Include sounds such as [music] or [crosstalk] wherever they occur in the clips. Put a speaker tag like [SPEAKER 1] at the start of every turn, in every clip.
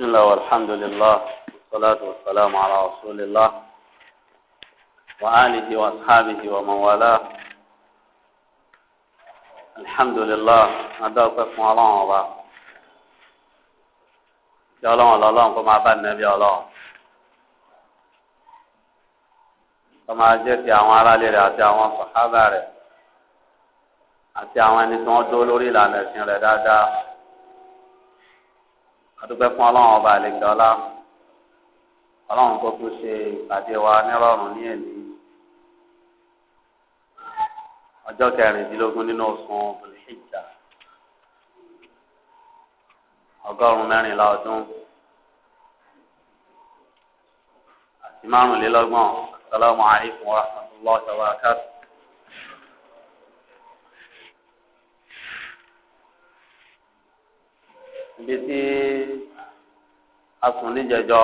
[SPEAKER 1] بسم الله والحمد لله والصلاة والسلام على رسول الله وآله وأصحابه ومن والاه الحمد لله هذا قسم الله وبا يا الله الله الله كما بان النبي الله كما جاء في àwọn ará ilé rẹ̀ àti àwọn sàhábà rẹ̀ àti àwọn ẹni tí adúgbẹ́ fún ọlọ́run ọba àlejò ọlá ọlọ́run tó tún ṣe ìpàdé wa nírọ̀rùn ní èmi ọjọ́ kẹrìndínlógún nínú oṣù bùlìṣìjà ọgọ́rùn-ún mẹ́rìnlá ọdún
[SPEAKER 2] àti márùnlélọ́gbọ̀n
[SPEAKER 1] asalaamualeykum wa rahmatulahi wa barakatuh. ibi tí a asùn níjẹjọ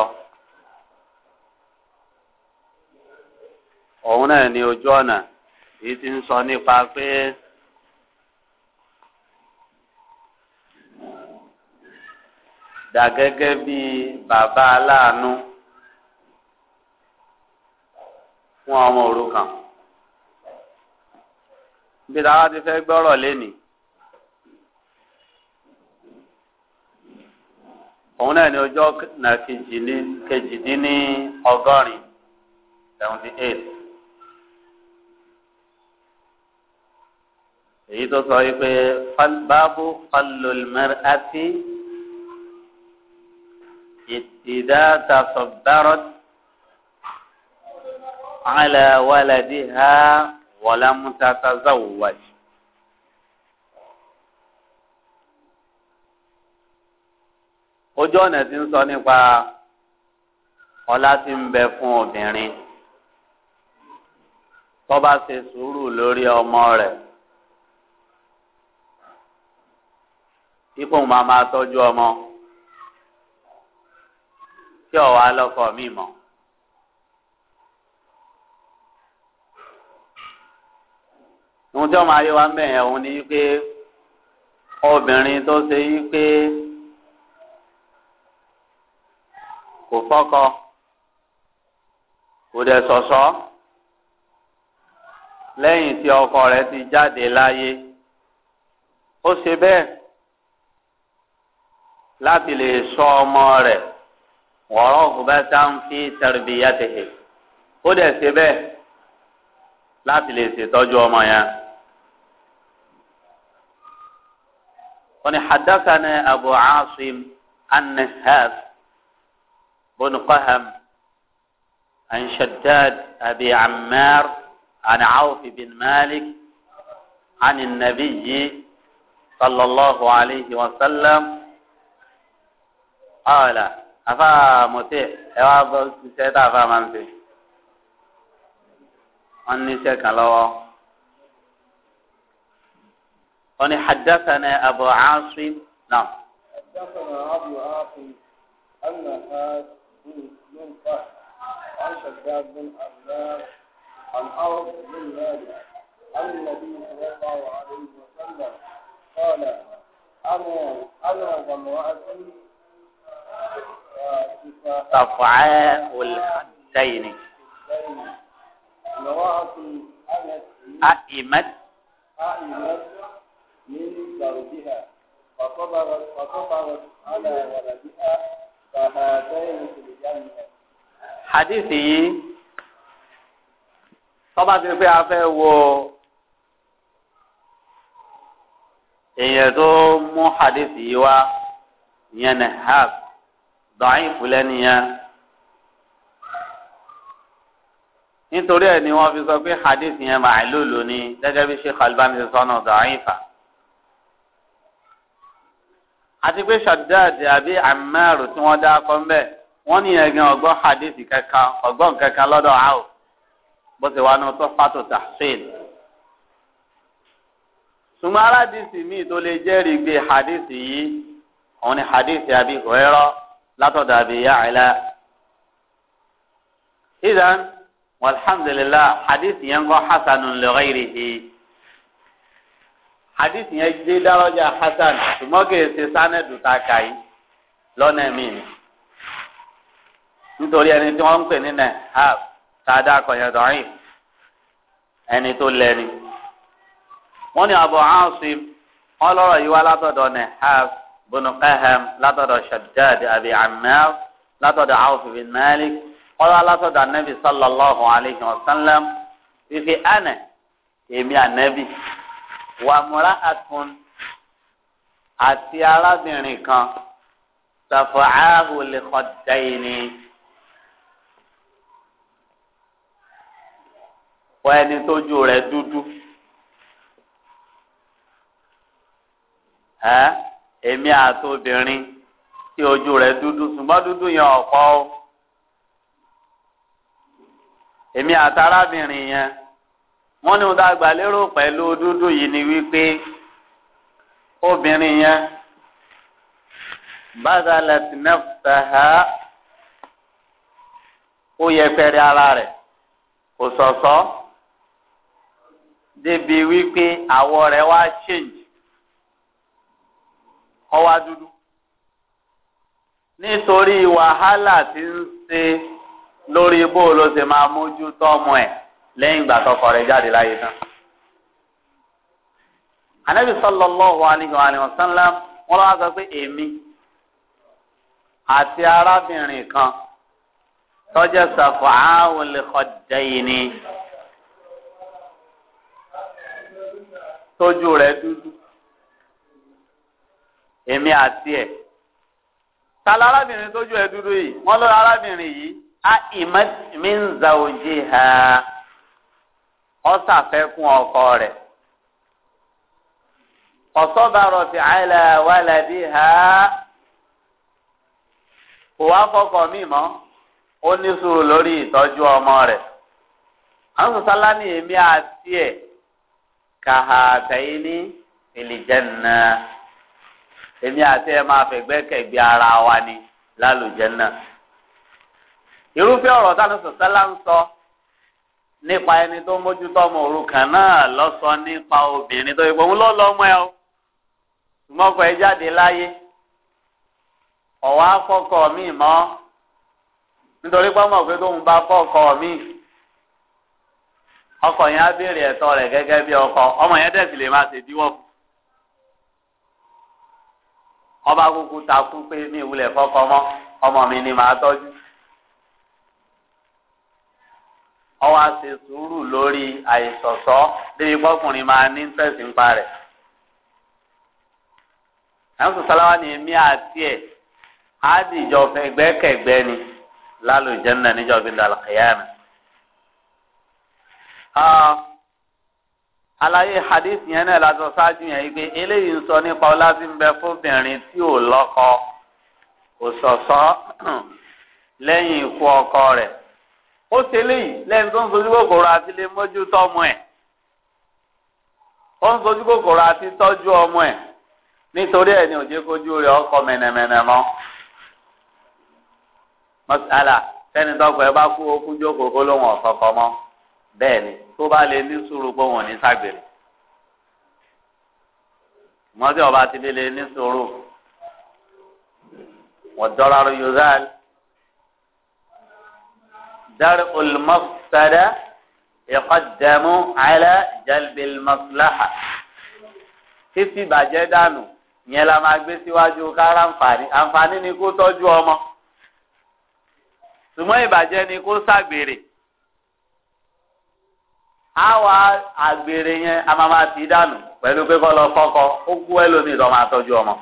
[SPEAKER 1] òun náà ni ojú ọ̀nà èyí ti ń sọ nípa pé dà gẹ́gẹ́ bí bàbá aláàánú fún ọmọ òrukàn bí táwa ti fẹ́ gbọ́rọ̀ lénìí. òun náà ní ọjọ́ kejìdín ní ọgọ́rin seventy eight. èyí tó sọ wípé báàbù falolmẹ́rẹ́ àti ìdá tasọ̀bárọ̀t àlàwálàdìhà wọ̀lámùtàtàzáwùwájì. ojú ọ̀nà tí ń sọ nípa ọlá tí ń bẹ fún obìnrin tó bá ṣe sùúrù lórí ọmọ rẹ̀ ipò máa máa tọ́jú ọmọ tí ọ̀wá lọ́kọ̀ mi mọ̀. ohun tí ọmọ ayé wa ń bẹ̀yẹn òun ni pé obìnrin tó ṣe yí pé. kò fọkọ kò dẹ̀ ṣọ̀ṣọ́ lẹ́yìn tí ọkọ rẹ ti jáde láyé ó ṣe bẹ́ẹ̀ láti lè ṣọ́ ọmọ rẹ̀ wọ́rọ́ òkúbẹ́sà ń fi tarbiyatihi ó dẹ̀ ṣe bẹ́ẹ̀ láti lè ṣètọ́jú ọmọ yẹn. wọ́n ní hadathana abu asim بن قهم عن شداد أبي عمار عن عوف بن مالك عن النبي صلى الله عليه وسلم قال أفا متيع أفا سيدا أفا منسي أني شكا أني حدثنا أبو عاصم نعم
[SPEAKER 3] حدثنا أبو عاصم أن هذا بن كعب عن شداد بن أبلال عن أرض بن مالك عن النبي صلى الله عليه وسلم قال أنا أنا وامرأتي صفعاء الخدين
[SPEAKER 2] امرأتي
[SPEAKER 1] أئمت
[SPEAKER 3] أئمت من دربها فصبرت فصبرت على ولدها
[SPEAKER 1] Hadithi yìí tọ́ba ti pé a fẹ́ wo èèyàn tó mú hadithi yìí wá ìyẹn ní haf dọ̀yìn fúlẹ́ nìyẹn. nítorí ẹ̀ ni wọ́n fi sọ pé hadith yẹn màálù lónìí gẹ́gẹ́ bí Sheikh Albani sọ́nà dọ̀yìn fà àti pé Shaddad àbí Ammar tí wọ́n dá akọ mbẹ́ wọ́n ní ẹ̀gbìn ọgbọ́n hadith kankan ọgbọ́n kankan lọ́dọ̀ àwọ̀ bó ti wà ní Tuhfatu Tahsin. ṣùgbọ́n aládìsí míì tó lè jẹ́rìí gbé hadith yìí òun ni hadith àbí Hurairah látọ̀dọ̀ àbí Ya'la. idan walhamdulillah hadith yẹn ń kọ́ hasanun li ghayrihi hadith yẹn gbé dárọ́jà hasan ṣùgbọ́n kì í ṣe sanadu ta kà yìí lọ́nà míì ni nítorí ẹni tí wọ́n ń pè ní nahab tàdá akọ̀yẹ̀dọ̀rin ẹni tó lẹ́ni wọ́n ní Abu Asim wọ́n lọ́rọ̀ yìí wá látọ̀dọ̀ nahab bunu qaham látọ̀dọ̀ shaddad abi ammar látọ̀dọ̀ awf bin malik wọ́n lọ́rọ̀ látọ̀dọ̀ anabi sallallahu alayhi wa sallam fífi ana èmi anabi wàmúra àtún àti arábìnrin kan tàfọ̀ ààbò lè kọjá yìí ni. wọ́n ẹni tójú rẹ̀ dúdú. ẹ èmi àti obìnrin tí ojú rẹ̀ dúdú ṣùgbọ́n dúdú yẹn ọ̀pọ̀ o èmi àti arábìnrin yẹn. wọn ní wọ́n tá gbàlérò pẹ̀lú dúdú yìí ni wípé obìnrin yẹn bazalat nafsaha ó yẹpẹrẹ ara rẹ̀ kò sọ̀sọ́ débi wípé àwọ̀ rẹ̀ wá change ó wá dúdú nítorí wàhálà ti ń ṣe lórí bó ṣe máa mójútó ọmọ ẹ̀. lẹ́yìn ìgbà tọkọ rẹ̀ jáde láyé tán. anabi sallallahu alayhi wa sallam wọn lọ́wọ́ sọ pé èmi àti arábìnrin kan tọ́jà sàfà áwọn lè kọjá yìí ni tójú rẹ̀ dúdú èmi àti ẹ̀ tala arábìnrin tójú ẹ̀ dúdú yìí wọ́n lọ́wọ́ arábìnrin yìí a ìmọ̀ mi ń za òjì hàn. ọsàfẹkùn ọkọ rẹ ọsọbarọ ti àìlẹ wàlẹbi ha kò wá fọkọ mi mọ ó ní sùúrù lórí ìtọ́jú ọmọ rẹ àwọn sọsálá ní èmi àti ẹ kàhàtẹyìn ní ìlìjẹnà èmi àti ẹ máa fẹ̀gbẹ́kẹ̀gbẹ́ ara wa ni lálùjẹnà irúfẹ́ ọ̀rọ̀ táwọn sọsálá ń sọ. nípa ẹni tó mójútó ọmọ òrukàn náà lọ́sọ nípa obìnrin tó yẹ pé òun ló lọ́mọ ẹ o ṣùgbọ́n kọ ẹ jáde láyé ọ̀wá fọ́kọ mi mọ́ nítorí pé ọmọ òfin tóun bá fọ́kọ mi ọkọ yẹn á béèrè ẹ̀tọ́ rẹ̀ gẹ́gẹ́ bí ọkọ ọmọ yẹn tẹ̀sí lè máa ṣèdíwọ́ fún ọba kúkú takú pé mi ìwúlẹ̀ fọ́kọ mọ́ ọmọ mi ni màá tọ́jú. ọwọ́ àti sùúrù lórí àìsọ̀sọ́ débi pọ́kùnrin máa ní tẹ̀sí ń parẹ̀. ẹ̀ńsùn sáláwá ni èmi àti ẹ̀ á dìjọ fẹ́ gbẹ́kẹ̀gbẹ́ ni lálùjẹ́nà níjọ́ bí dàlùkìyàmù. àlàyé hadith yẹn náà lásán ṣáájú yẹn yìí pé eléyìí ń sọ nípa ọlá tí ń bẹ fóbìnrin tí ò lọ́kọ kò ṣọ̀ṣọ́ [clears throat] ikú ọkọ rẹ̀ ó ṣe léyìí lẹ́yìn tó ń sojú kòkòrò àti lè mójú tọ́mọ ẹ̀ ó ń sojú kòkòrò àti tọ́jú ọmọ ẹ̀ nítorí ẹ̀ ní òjé kojú rẹ̀ ọkọ̀ mẹ̀nẹ̀mẹ̀nẹ̀ mọ́ mọ́sálà sẹ́ni tọkọ ẹ bá kú okú jókòó kó lóun ọ̀kọ̀ọ̀kọ̀ mọ́ bẹ́ẹ̀ ni tó bá lè ní sùúrù pé wọn ò ní ságbèrè mọ́tí ọba ti lè ní sùúrù wọ́n dọ́ra yorùbá درء المفسدة يقدم على جلب المصلحة fífi bàjẹ́ dànù yẹn la máa gbé síwájú kára àǹfààní àǹfààní ni kó tọ́jú ọmọ ṣùgbọ́n ìbàjẹ́ ni kó ṣàgbèrè àwa àgbèrè yẹn a máa máa ti dànù pẹ̀lú pé kọ́ lọ fọ́kọ́ ó kú ẹlòmíì tó máa tọ́jú ọmọ.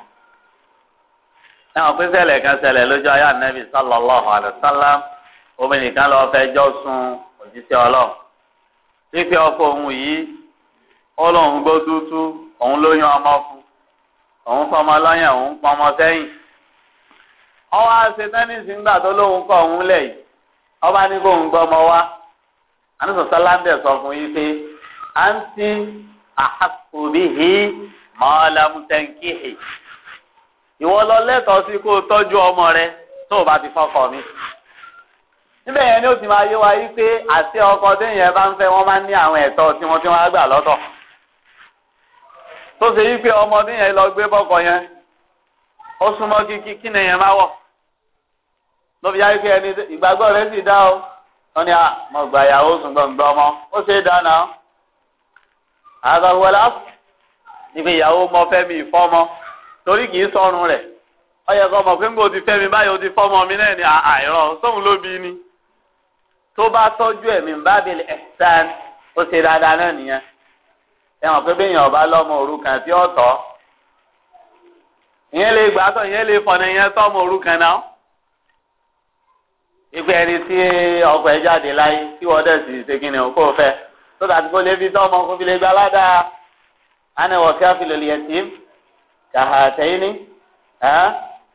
[SPEAKER 1] ẹ̀wọ̀n pé kan ṣẹlẹ̀ lójú ayé ànábì sallallahu alaihi wasallam. obìnrin kan lọ jọ sun òjíṣẹ́ Ọlọ́run fífi ọkọ òun yìí ó lóun gbó tútú òun lóyún ọmọ fún òun fọmọ lọ́yàn òun pọmọ sẹ́yìn àṣẹ ńgbà tó lóun kọ òun lẹ yìí ọba ní kó òun wá anisọsọ lábẹ sọ fún yìí pé à ń ìwọ lọ sí kó o ọmọ rẹ tó o ti fọkọ mi. níbẹ̀ yẹn ni ó ti máa yé wa yí pé àti ọkọ déyìn bá ń fẹ́ wọ́n máa ń ní àwọn ẹ̀tọ́ tí wọ́n ti wọ́n á gbà lọ́tọ̀ tó ṣe yí pé ọmọ déyìn lọ gbé bọ́kọ yẹn ó súnmọ́ kí kí ni yẹn máa wọ̀ lóbi yá pé ẹni ìgbàgbọ́ rẹ̀ sì dá o wọ́n ní à mọ̀ gbà ìyàwó ṣùgbọ́n gbọ́ ọmọ ó ṣe é dáná àgbàwọlá ìgbé ìyàwó mọ fẹ́mi ìfọ́mọ torí kì í sọrun rẹ̀ ọyẹ kọ́ mọ̀ pé ń gbòó ti fẹ́mi báyìí ó ti fọ́mọ mi náà ní àìrọ̀ sóhun ló bí ni tó bá tọ́jú ẹ̀mí bábìlì ẹ̀sán ó ṣe dáadáa náà nìyẹn ẹ̀wọ̀n pé bẹ́ẹ̀ yẹn ọba lọ́mọ òrukàn tí ó tọ́ ìyẹn lè gbà tọ̀ ìyẹn lè fọ̀nà ìyẹn tọ́mọ òrukàn náà ìgbẹ́ ẹni tí ọkọ̀ ẹ̀ jáde láyé tí wọ́n dẹ̀ sì ṣe kí ni o kò fẹ́ tó dàbí kó lè fi tọ́mọ kó fi lè gba ládàá ánẹ̀wọ̀ kí á fi lè lè tì í kàhà tẹ́yìn ní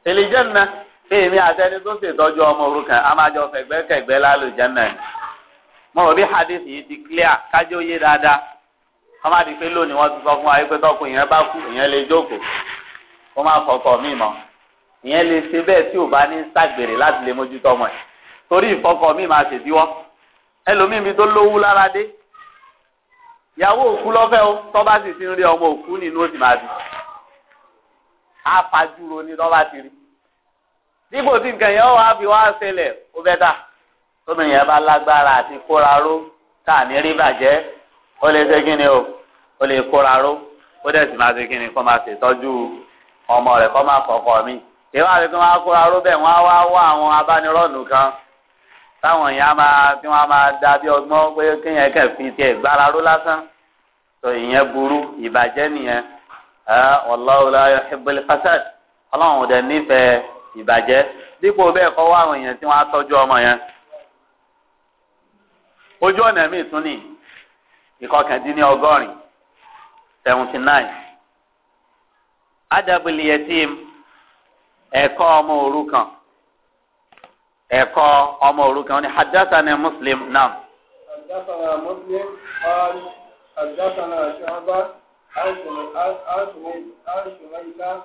[SPEAKER 1] tẹ̀lé jẹ́ nìyẹn èmi àtẹni tó ṣètọ́jú ọmọ òrukàn a máa jọ fẹ̀gbẹ́kẹ̀gbẹ́ lálùjẹ́nà ni mo rò bí hadith yìí ti clear kájọ yé dáadáa wọ́n má di pé lónìí wọ́n ti sọ fún wa pé tọ́kùn ìyẹn bá kú ìyẹn lè jókòó kó má fọkọ̀ mí mọ́ ìyẹn lè ṣe bẹ́ẹ̀ tí ò bá ní ṣàgbèrè láti lè mójútó ọmọ ẹ̀ torí ìfọkọ̀ mí máa ṣèdíwọ́ ẹlòmíì tó lówó lára dé ìyàwó òkú lọ́fẹ́ o tọ́ bá sì ti ń rí ọmọ òkú nínú ó máa bì á fajúro ni tọ́ bá ti rí dípò tí nǹkan yẹn wàá fi wá ṣẹlẹ̀ ó bẹ́ tà tóbìnrin yẹn bá lágbára àti kóra ró tá à ní rí bàjẹ́ ó lè ṣe kí ni o ó lè kóra ró ó dẹ̀ sì máa ṣe kí ni kó máa ṣètọ́jú ọmọ rẹ̀ kó máa kọ̀ọ̀kọ̀ mi ìwà àti kí wọ́n á kóra ró bẹ́ẹ̀ wọ́n á wá wá àwọn abánirọ́ọ̀nù kan táwọn èèyàn máa tí wọ́n máa da bí ọgbọ́n pé kéèyàn kẹ̀ fi tiẹ̀ gbára ró lásán tó ìyẹn burú ìbàjẹ́ nìyẹn wallahu la ìbàjẹ́ dípò bẹ́ẹ̀ kọ́ wá àwọn èèyàn tí wọ́n á tọ́jú ọmọ yẹn. ojú ọ̀nà míì tún ní ìkọkàndínní ọgọ́rin seventy nine ẹ̀kọ́ ọmọ òrukàn ẹ̀kọ́ ọmọ òrukàn wọn ni muslim náà.
[SPEAKER 3] hadathana muslim qal hadathana shu'ba an sùnmí an sùnmí an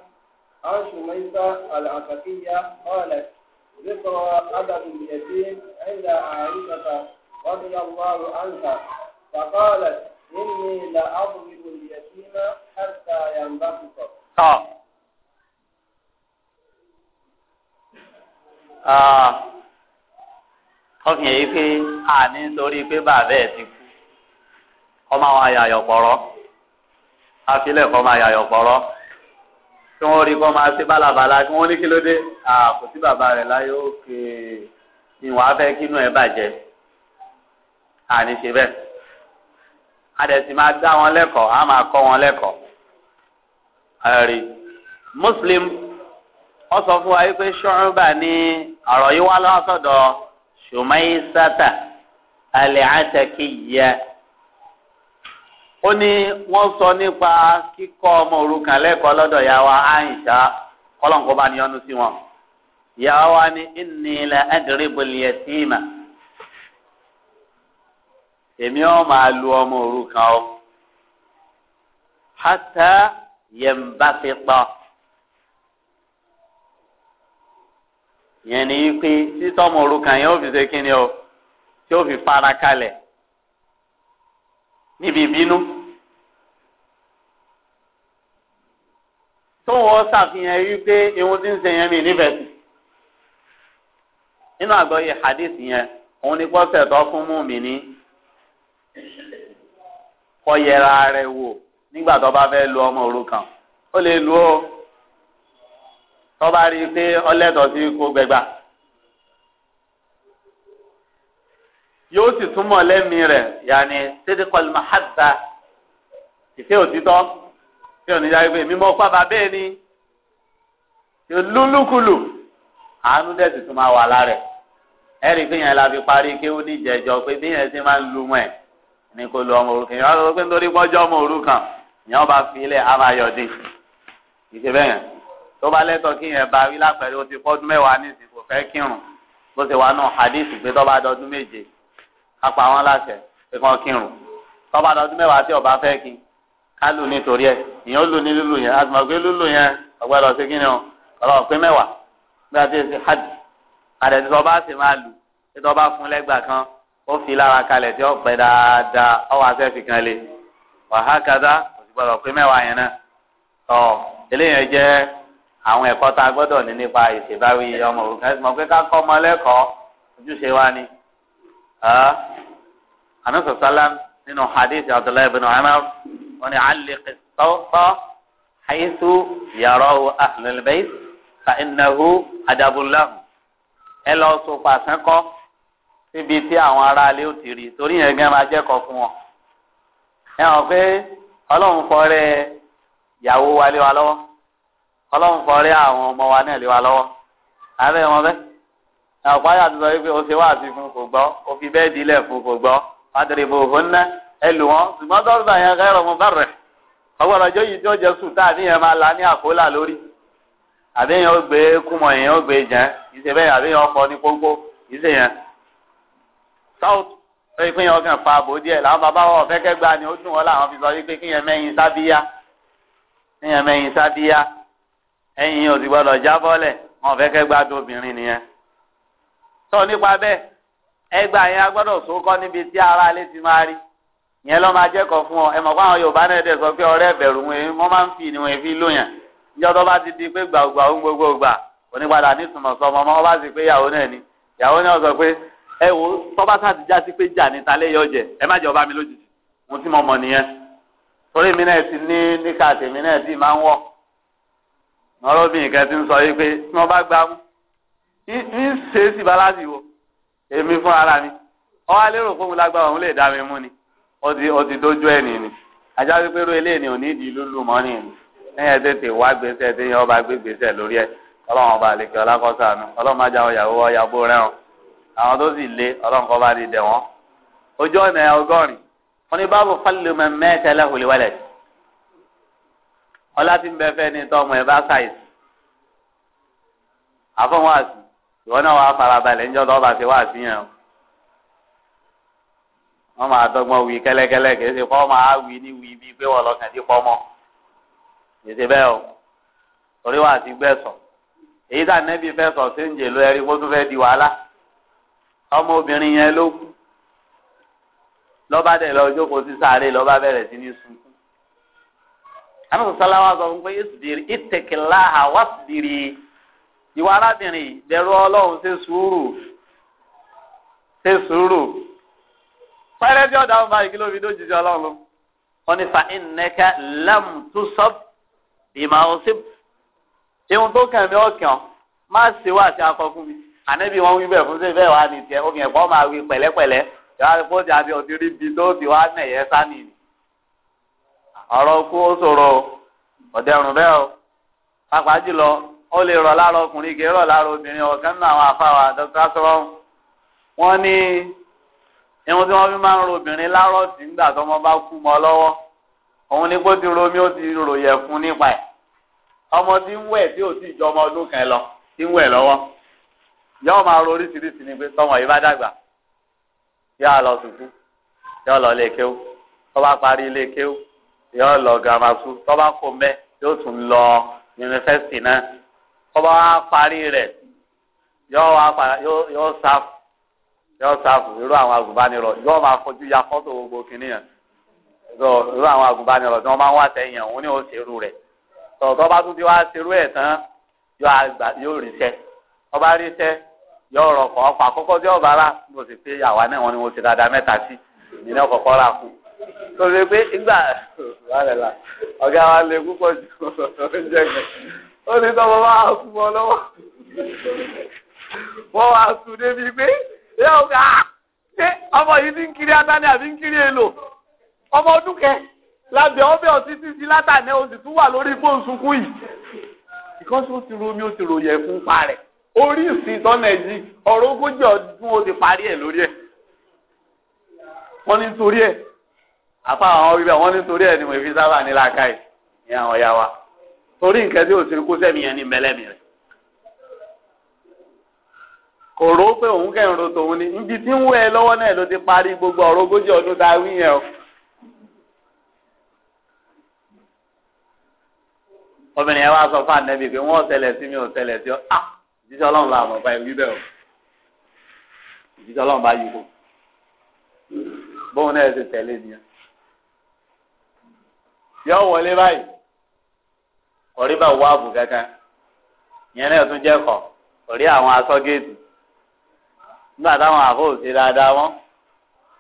[SPEAKER 3] عن شميسة العتكية قالت ذكر أدب اليتيم عند عائشة رضي الله عنها فقالت إني لأضرب اليتيم حتى ينبسط. آه.
[SPEAKER 1] آه. ọkàn yìí pé àní torí pé bàbá ẹ ti kú ọmọ àwọn ayàyọ̀ pọ̀rọ̀ afilẹ̀ kọ́ máa yàyọ̀ pọ̀rọ̀ kí wọ́n rí kọ́ máa ṣe bálabàla kí wọ́n ní kí ló dé àpò tí bàbá rẹ̀ láyé òkè ni wàá fẹ́ kínú ẹ̀ bàjẹ́ àní ṣe bẹ́ẹ̀ adẹ̀sí máa dá wọn lẹ́kọ̀ọ́ á máa kọ́ wọn lẹ́kọ̀ọ́ ẹ̀rí muslim wọ́n sọ fún wa yìí pé ṣọ́ọ́rùbà ní ọ̀rọ̀ yìí wá lọ́sọ̀dọ̀ ṣùmáyé sátà alẹ́ àtẹ̀kẹ́yẹ. ó ní wọ́n sọ nípa kíkọ́ ọmọ òrukàn lẹ́kọ̀ọ́ lọ́dọ̀ ìyá wa Àìṣà kọ́lọ́ǹkọ́ bá ní ọdún sí wọn. ìyá wa ní ìnìlẹ̀ ẹ̀dẹ̀rẹ̀bọ̀lì ẹ̀sìnìmà èmi ọ̀ máa lu ọmọ òrukàn o hátà yẹ̀mbáfipá yẹn ni pé títọ́ ọmọ òrukàn yẹn ó fi ṣe o fi fara níbi ìbínú. tó wọ́n ṣàfihàn wípé irun tí ń ṣe yẹn mi nífẹ̀ẹ́ sí. nínú àgbọ́yé hadith yẹn òun ni pọ́sẹ̀ tó fún mú mi ní kọ́ yẹra rẹ̀ wò nígbà tó bá fẹ́ lu ọmọ òrukàn ó lè lu ó tó bá rí i pé ọlẹ́tọ̀ọ́ sí kó gbẹgbà. yóò sì túmọ̀ lẹ́mí rẹ̀ yàní sídìkọ̀lì mahabba ìfẹ́ òtítọ́ tí ò ní yára pé mímọ́ pàbà bẹ́ẹ̀ ni lúlúkulù àánú dẹ̀ sì tún máa wà lára ẹ̀rí pé yẹn la fi parí kí ó ní ìjẹ́jọ́ pé bí yẹn ti máa ń lu mọ́ ẹ̀ ní kó lu ọmọ òrukàn yẹn wá lọ pé nítorí pọ́jọ́ ọmọ òrukàn yẹn wọ́n bá fi ilẹ̀ á máa yọ̀ dín ìṣe bẹ́yẹn tó bá lẹ́tọ̀ọ́ kí yẹn bá wí lápẹ̀rẹ̀ ó ti pọ́dún mẹ́wàá ní ìsìnkú fẹ́ kírun bó ti wà náà hadith gbé tó bá dọdún méje apá àwọn aláṣẹ ìkan kírun tọ́ba dọdún mẹ́wàá tí ọba fẹ́ kí ká lù nítorí ẹ̀ ìyẹn ó lù ní lùlù yẹn àti màgbé lùlù yẹn ọgbẹ́ lọ sí kíni o ọlọ́wọ́ pé mẹ́wàá bí a ti ṣe hajj àdẹ̀tí tọ́ba sì máa lù tí tọ́ba fún lẹ́gbàá kan ó fi lára kalẹ̀ tí ó pẹ́ dáadáa ọwọ́ afẹ́ fi kan lé wàhákàdá òsìgbọ́dọ̀ pé mẹ́wàá yẹn náà tọ́ eléyẹn jẹ́ àwọn ẹ̀kọ́ tá a gbọ́dọ̀ ní nípa ìṣèbáwí ọmọ òrukàn ká kọ́ ọmọ lẹ́kọ̀ọ́ ojúṣe wa ni anasa ah, salam nínú hadith abdullahi bin umar wọn ni aliqi sawta haythu yarahu ahlul bayt fa innahu adabulahu ẹ lọ sọ pàṣẹkọ síbi tí àwọn aráalé ó ti rí torí yẹn gan máa jẹ́kọ̀ọ́ fún wọn ẹ hàn pé ọlọ́run fọ́rẹ́ ìyàwó wa lé wa lọ́wọ́ ọlọ́run fọ́rẹ́ àwọn ọmọ wa náà lé wa lọ́wọ́ àbẹ́ wọn bẹ́ẹ̀ àpáyà ti sọ wípé o ṣe wá àti fún kò gbọ́ o fi bẹ́ẹ̀ dilẹ̀ fún kò gbọ́ adìrẹ bò hó ná ẹ lù wọn ṣùgbọ́n dọ́rọ̀dà yẹn kẹ́rọ̀ mo bá rẹ̀ ọgbọ́dọ̀ jọ yìí tí ó jẹ sùn tá àníyàn máa la ní àkólà lórí àbẹ́yẹn ó gbé kúmọ̀ yẹn ó gbé jẹ́ ìṣe bẹ́ẹ̀ àbẹ́yẹn ọkọ̀ ní kóńgó ìṣe yẹn. south ṣé ìpín yẹn ọkàn pa àbò díẹ̀ làwọn bàbá wọn ọ̀fẹ́ kẹgbà ni ó dùn wọn làwọn fi sọ wípé kíyẹn mẹ́yìn sábíyá kíyẹn mẹ́yìn sábíyá ẹ̀yìn ò gbọ́dọ̀ jábọ́lẹ̀ wọn ọ̀fẹ́ kẹgbà tó obìnrin nìyẹn sọ nípa bẹ́ẹ̀ ẹgbà yẹn a gbọ́dọ̀ sọ kọ́ níbi tí ara lè ti máa rí yẹn lọ́ máa jẹ́kọ̀ọ́ fún ọ ẹ mọ̀ fáwọn Yorùbá náà dẹ̀ sọ pé ọ̀rẹ́ bẹ̀rù wọn wọ́n máa ń fi ìníwọ̀n fi lóyàn níjọ́ tó bá ti di pé gbàgbà ó gbogbo gbà onípadà nítumọ̀ sọmọ ọmọ wọn bá sì pé ìyàwó náà ni ìyàwó náà sọ pé ẹ wo tọ́ba sáà ti já sí pé jà níta lẹ́yìn ọ̀jẹ̀ ẹ má jẹ́ ọba mi lójijì mo ti mọ ọmọ nìyẹn torí mi náà ti ní níkà tèmi náà ti máa ń wọ̀ ọlọ́bìnrin kan ti ń sọ yìí pé tí wọ́n bá gbá mú ń ṣe é sì balasi wo èmi fún ara mi ọ wá lérò fún mi lágbára òun lè dá mi mú ni ọtí tó jó ẹni ni ajá pípé ro eléyìí ni òní ìdí lúlù mọ́ ni ẹ̀yẹ tètè wá gbèsè tí yẹn ọba gbé gbèsè lórí ẹ̀ ọlọ́run ọba àlekè ọlákọ́sà nù ọlọ́run má jáwọ́ yàwó ọ̀yà bó rẹ́wọ̀n àwọn tó sì lé ọlọ́run kọ́ bá di dẹ̀ wọ́n ojú ọ̀nà ọgọ́rin wọn ni báwo fọlẹ́ mọ mẹ́ẹ̀tẹ́ lẹ́hùlẹ́ ọlá ti ń bẹ fẹ́ ni tọ́ ọmọ bá ṣàìsì ìwọ náà wàá farabalẹ̀ níjọ́ tó bá ti wá àfihàn o wọ́n máa dọ́gbọ́n wí kẹ́lẹ́kẹ́lẹ́ kì í ṣe kọ́ máa wí ní wí bíi pé wọ́n lọ́kàn sí pọ́mọ́ èsì bẹ́ẹ̀ o torí wàá ti gbẹ̀sọ̀ èyí tá nẹ́bí fẹ́ sọ sí ń jè ló ẹrí kó tún fẹ́ di wàhálà ọmọbìnrin yẹn ló kú lọ́ba dẹ̀ lọ jókòó sí sáré lọ́ba bẹ̀rẹ̀ sí ní sunkún àmì sọ́lá wa sọ fún pé ìwà arábìnrin yìí dẹrù ọlọ́run ṣe sùúrù ṣe sùúrù pẹ́rẹ́ bí ọ̀dà ọba ìkìlọ̀ fi dójijì ọlọ́run wọn ni fa ìnẹ́kẹ́ lẹ́m tó sọ ìmọ̀ àwọn sí ihun tó kàn mí ọ̀kàn má ṣe wá àti akọ fún mi ànẹ́bí wọn wí bẹ́ẹ̀ fún sí bẹ́ẹ̀ wá ní tiẹ̀ obìnrin ẹ̀kọ́ máa wí pẹ̀lẹ́pẹ̀lẹ́ ìwà fún àti ọ̀tí rí bi tó ti wá nẹ̀yẹ sani ọ̀rọ̀ kú ó ṣòro ọ̀dẹ̀rùn bẹ́ẹ̀ o pàápàá jùlọ ó lè rọ̀ lára ọkùnrin kì í rọ̀ lára obìnrin ọ̀kan nínú àwọn àfáwà dr asọ́rọ́ wọn ní irun tí wọ́n fi máa ń ro obìnrin lárọ̀ sí nígbà tó ọmọ bá kú mọ́ lọ́wọ́ òun ni kó ti romi ó ti ròyẹ̀ fún nípa ẹ̀ ọmọ tí ń wẹ̀ tí ò tí jọ ọmọ ọdún kan lọ tí ń wẹ̀ lọ́wọ́ yóò máa ro oríṣiríṣi ni pé sọmọ yìí bá dàgbà yóò lọ sùkú yóò lọ ilé kéwú tó bá parí ilé kéwú yóò lọ gàmásù tó bá kó mbẹ yóò tún lọ yunifásitì náà ọba wa parí rẹ̀ yọ wa pa yọ sáfù yọ sáfù irú àwọn agùnbánirọ̀ yọ máa fojú ya fọ́tò gbogbo kìnìún yẹn irú àwọn agùnbánirọ̀ tí wọ́n máa ń wá sẹ́yìn òun ni ó ṣerú rẹ̀ tọ̀tọ̀ bá tún ti wá ṣerú ẹ̀ tán yóò ríṣẹ́ ọba ríṣẹ́ yọ ọ̀rọ̀ kan ọkọ̀ tí ọba rà mo sì pé àwa náà wọn ni mo ṣe dáadáa mẹ́ta sí ìní ọkọ̀ọ̀kọ́ rà kú torí pé ìgbà [laughs] ọ̀gá wa lè púpọ̀ ju oúnjẹ gbẹ̀
[SPEAKER 3] ó ní tọ́wọ́ wá fún ọ lọ́wọ́ wọ́n wá sùn débi
[SPEAKER 1] pé ẹ ò ká ṣé ọmọ yìí ti ń kiri atani àbí ń kiri èlò ọmọ ọdún kẹ lábẹ́ ọbẹ̀ ọtí títí látàní o sì tún wà lórí fóònù sunkún yìí because ó ti romi ó ti ròyìn ẹ̀kún pa rẹ̀ orí ìsìn tọ́nà ẹ̀jì ọ̀rọ̀ ogójì ọdún ó ti parí ẹ̀ lórí ẹ̀ wọ́n ní torí ẹ̀ àfa àwọn wíwẹ̀ wọ́n ní torí ẹ̀ ni mo fi sábà ní làákàyè ní àwọn ya torí nǹkan tí òsì kó sẹ́mi yẹn ní mẹ́lẹ́mi rẹ̀ kò rò pé òun kẹ́hìn ro tòun ni ibi tí ń wọ ẹ lọ́wọ́ náà ló ti parí gbogbo ọ̀rọ̀ ogójì ọdún tá a wí yẹn o. obìnrin yẹn wá sọ fún ànẹ́bí pé wọ́n ṣẹlẹ̀ sí mi ò ṣẹlẹ̀ sí ọ á ah! ìdíjọ́ ọlọ́run la àmọ̀ báyìí wíbẹ̀ o ìdíjọ́ ọlọ́run bá yí kó bóun náà ṣe tẹ̀lé nìyẹn. yọ wọlé báyìí kọrí bá wá àbù kankan yẹn náà tún jẹ́ kọ̀ kọrí àwọn aṣọ géètì nígbà táwọn àfọ òsè dáadáa wọn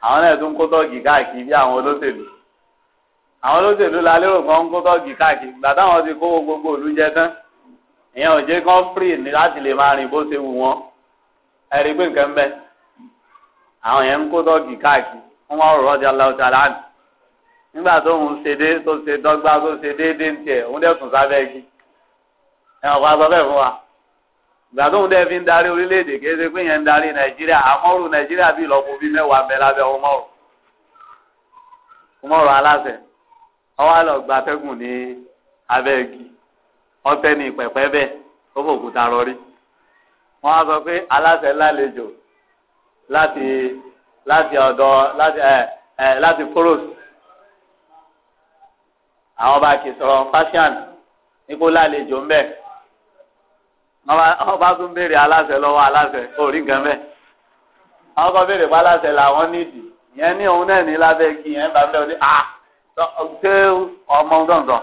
[SPEAKER 1] àwọn náà tún kó tọ́ọ̀gì káàkiri bí àwọn olóṣèlú àwọn olóṣèlú la lérò kan ń kó tọ́ọ̀gì káàkiri gbà táwọn ti kó gbogbo òlu jẹ tán ìyẹn ò jẹ́ kán free ní láti lè máa rìn bó ṣe wù wọ́n ẹ̀rí gbé nǹkan bẹ́ẹ̀ àwọn yẹn ń kó tọ́ọ̀gì káàkiri wọ́n wá rọ̀ ọ́ di aláwọ̀ tí a nígbà tó ń ṣe dé tó ṣe dọ́gba tó ṣe déédéé ń tiẹ̀ òun dẹ́kun sábẹ́ igi ẹ̀ ọ̀pá sọ bẹ́ẹ̀ fún wa ìgbà tó ń dẹ́ fi ń darí orílẹ̀-èdè kì í ṣe pé yẹn ń darí nàìjíríà àmọ́rù nàìjíríà bíi lọ́kùn bíi mẹ́wàá mẹ́ lábẹ́ ọmọrù ọmọrù aláṣẹ ọwọ́ àlọ́ gbatẹ́gùn ní abẹ́ igi ọtẹ ní pẹ̀pẹ́ bẹ́ẹ̀ ó fòkúta rọrí wọ́n á sọ pé aláṣẹ lálejò láti láti ọ̀dọ̀ láti ẹ̀ ẹ̀ láti kúròsì àwọn bá kì í sọ̀rọ̀ fashion ní kó lálejò ń bẹ̀ wọ́n bá tún béèrè aláṣẹ lọ́wọ́ aláṣẹ orí gan bẹ́ẹ̀ àwọn kan béèrè pé aláṣẹ làwọn nídìí ìyẹn ní òun náà ní lábẹ́ kí ìyẹn bá fẹ́ ọdún ah ṣé ọmọ ọdọ̀ǹdọ̀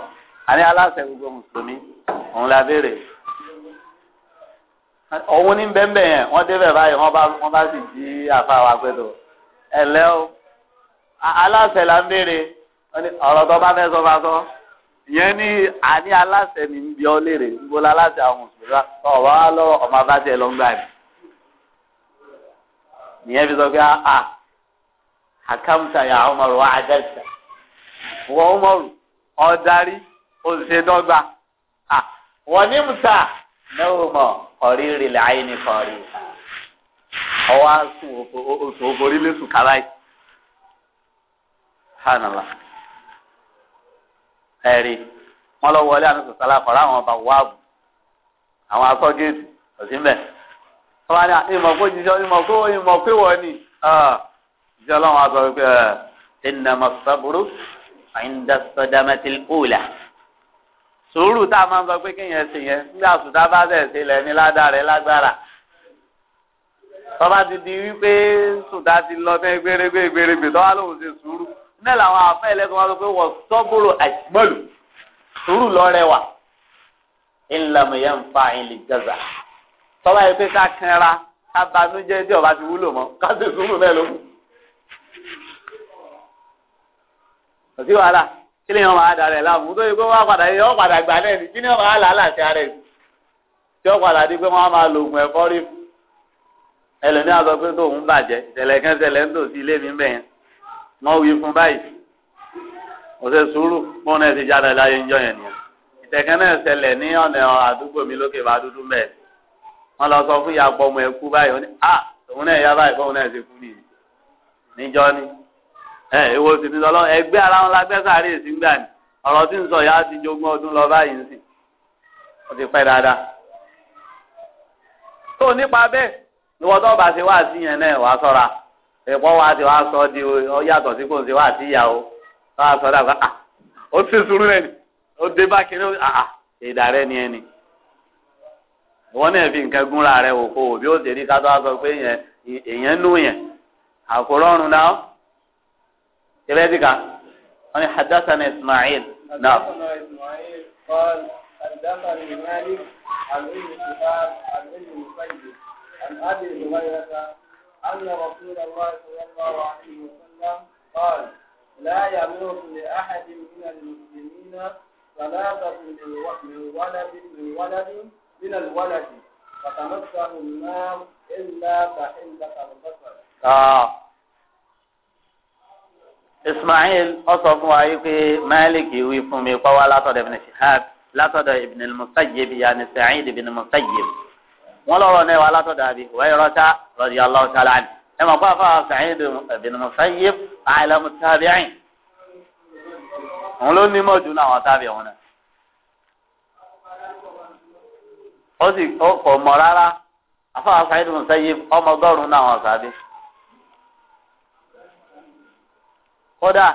[SPEAKER 1] àní aláṣẹ gbogbo mùsùlùmí òun la béèrè òun ní bẹ́ẹ̀ yẹn wọ́n débẹ̀ báyìí wọ́n bá sì jí àfa wa pẹ̀lú ẹ̀lẹ́ o aláṣẹ là ń béèrè ọ̀rọ̀ tó bá fẹ́ sọ bá sọ ìyẹn ní àní aláṣẹ ní bí ọ léèrè níbo la aláṣẹ àwọn mùsùlùmí ọ̀wá lọ́wọ́ ọmọ abájẹ́ lọ́ngbà mi ìyẹn fi sọ pé a àkàmùtà yà ọmọrù wà àjẹsà wọ́n ọmọrù ọ̀darí òṣèdọ́gba wọ́n ní mùtà náà mọ̀ ọ̀rí rìlẹ̀ ayé ní kọ̀ọ̀rí ọwọ́ sùn òṣòwò orílẹ̀ sùn kárá yìí ẹ̀rí wọn lọ wọlé àánú sọ̀tàlá kọ̀ọ̀rọ̀ àwọn ọba wáàbù àwọn asọ́gẹ́ẹ̀tì ọ̀sìnbẹ̀. ọba ní ìmọ̀ pé jíjọ ìmọ̀ pé ìmọ̀ pé wọ́n ni ah, jíjọ ọlọ́run aṣọ wípé eh, innama sabru inda sadamatil ula. sùúrù tá a máa ń sọ pé kéèyàn ṣe yẹn nígbà sùdá bá bẹ̀ ṣe lẹ̀ ní ládàá rẹ̀ lágbára. tọ́ba ti di wípé sùdá ti lọ náà làwọn afẹ́ ẹlẹ́gbẹ́ wọn sọ pé wọ́n sọ́bùrù àjùmọ́lù sùúrù lọ́rẹ́wà ńlámùyẹ́ ń fa ìlì jẹ́zà tọ́ba yìí pé ká kẹra ká banújẹ́ tí ọba ti wúlò mọ́ ká sì sùúrù náà ló kù. òsì wàhálà kí ni wọn máa dà rẹ láàmú tó yẹ pé wọn padà yẹ wọn padà gbà náà ni kí ni wọn máa là á láti ara ẹ tí wọn padà di pé wọn máa lo oògùn ẹ̀fọ́rí fún ẹlòmíà sọ pé tóun bàjẹ́ ìṣẹ̀lẹ̀ kan ṣẹlẹ̀ ń tòsí ilé mi bẹ́ẹ̀ yẹn wọn wí fún báyìí ọ̀sẹ̀ sùúrù fún náà ti jáde láyé ń jọ yẹn nìyẹn ìtẹ̀kẹ́ náà ṣẹlẹ̀ ní ọ̀nà àdúgbò mi lókè bá dúdú mẹ́ẹ̀ wọn lọ sọ fún ìyàpọ̀ ọmọ ẹ̀kú báyìí wọn ni ah òun náà yá báyìí fóun náà ṣe kú nìyí níjọ ni ẹ ìwọ sì ti sọ lọ ẹgbẹ́ ara wọn lágbẹ́ sáré èsì gbà ní ọ̀rọ̀ tí ń sọ yá ti jogún ọdún lọ báyìí ń sìn ó ti pẹ́ dáadáa tó nípa bẹ́ẹ̀ ni tó bá ṣe wá sí yẹn náà wàá sọ́ra. ẹ̀pọ̀ wa ti wá sọ di yàtọ̀ sí kò ń ṣe wá àti ìyàwó sọ dà bá ah, ó ti sùúrù rẹ ni ó dé bá kiri àà ìdá rẹ ni ẹni. wọn náà fi nǹkan gúnra rẹ wò kó o bí ó ṣe rí ká tó sọ pé èèyàn nù yẹn àkórọ́rùn náà tẹ́lẹ̀ ti kà wọ́n ní hadassana ismail náà.
[SPEAKER 3] أن رسول الله صلى الله عليه وسلم قال لا يموت لأحد من المسلمين ثلاثة من ولد من ولد من الولد فتمسه النار إلا فحلة البصر.
[SPEAKER 1] آه. اسماعيل اصف وعيك مالكي ويفهمي قوى لا تدى ابن شهاب لا تدى ابن المسيب يعني سعيد بن المسيب wọn lọ́rọ̀ náà wà daabi àbí wáyé rọ́tà rọ́dí aláwọ̀ sálà ni ẹ ma bin Musayyib àìlẹ́mú tábìrìn òun ló ní mọ̀ jù náà tábì kò bin ọmọ na wọn kódà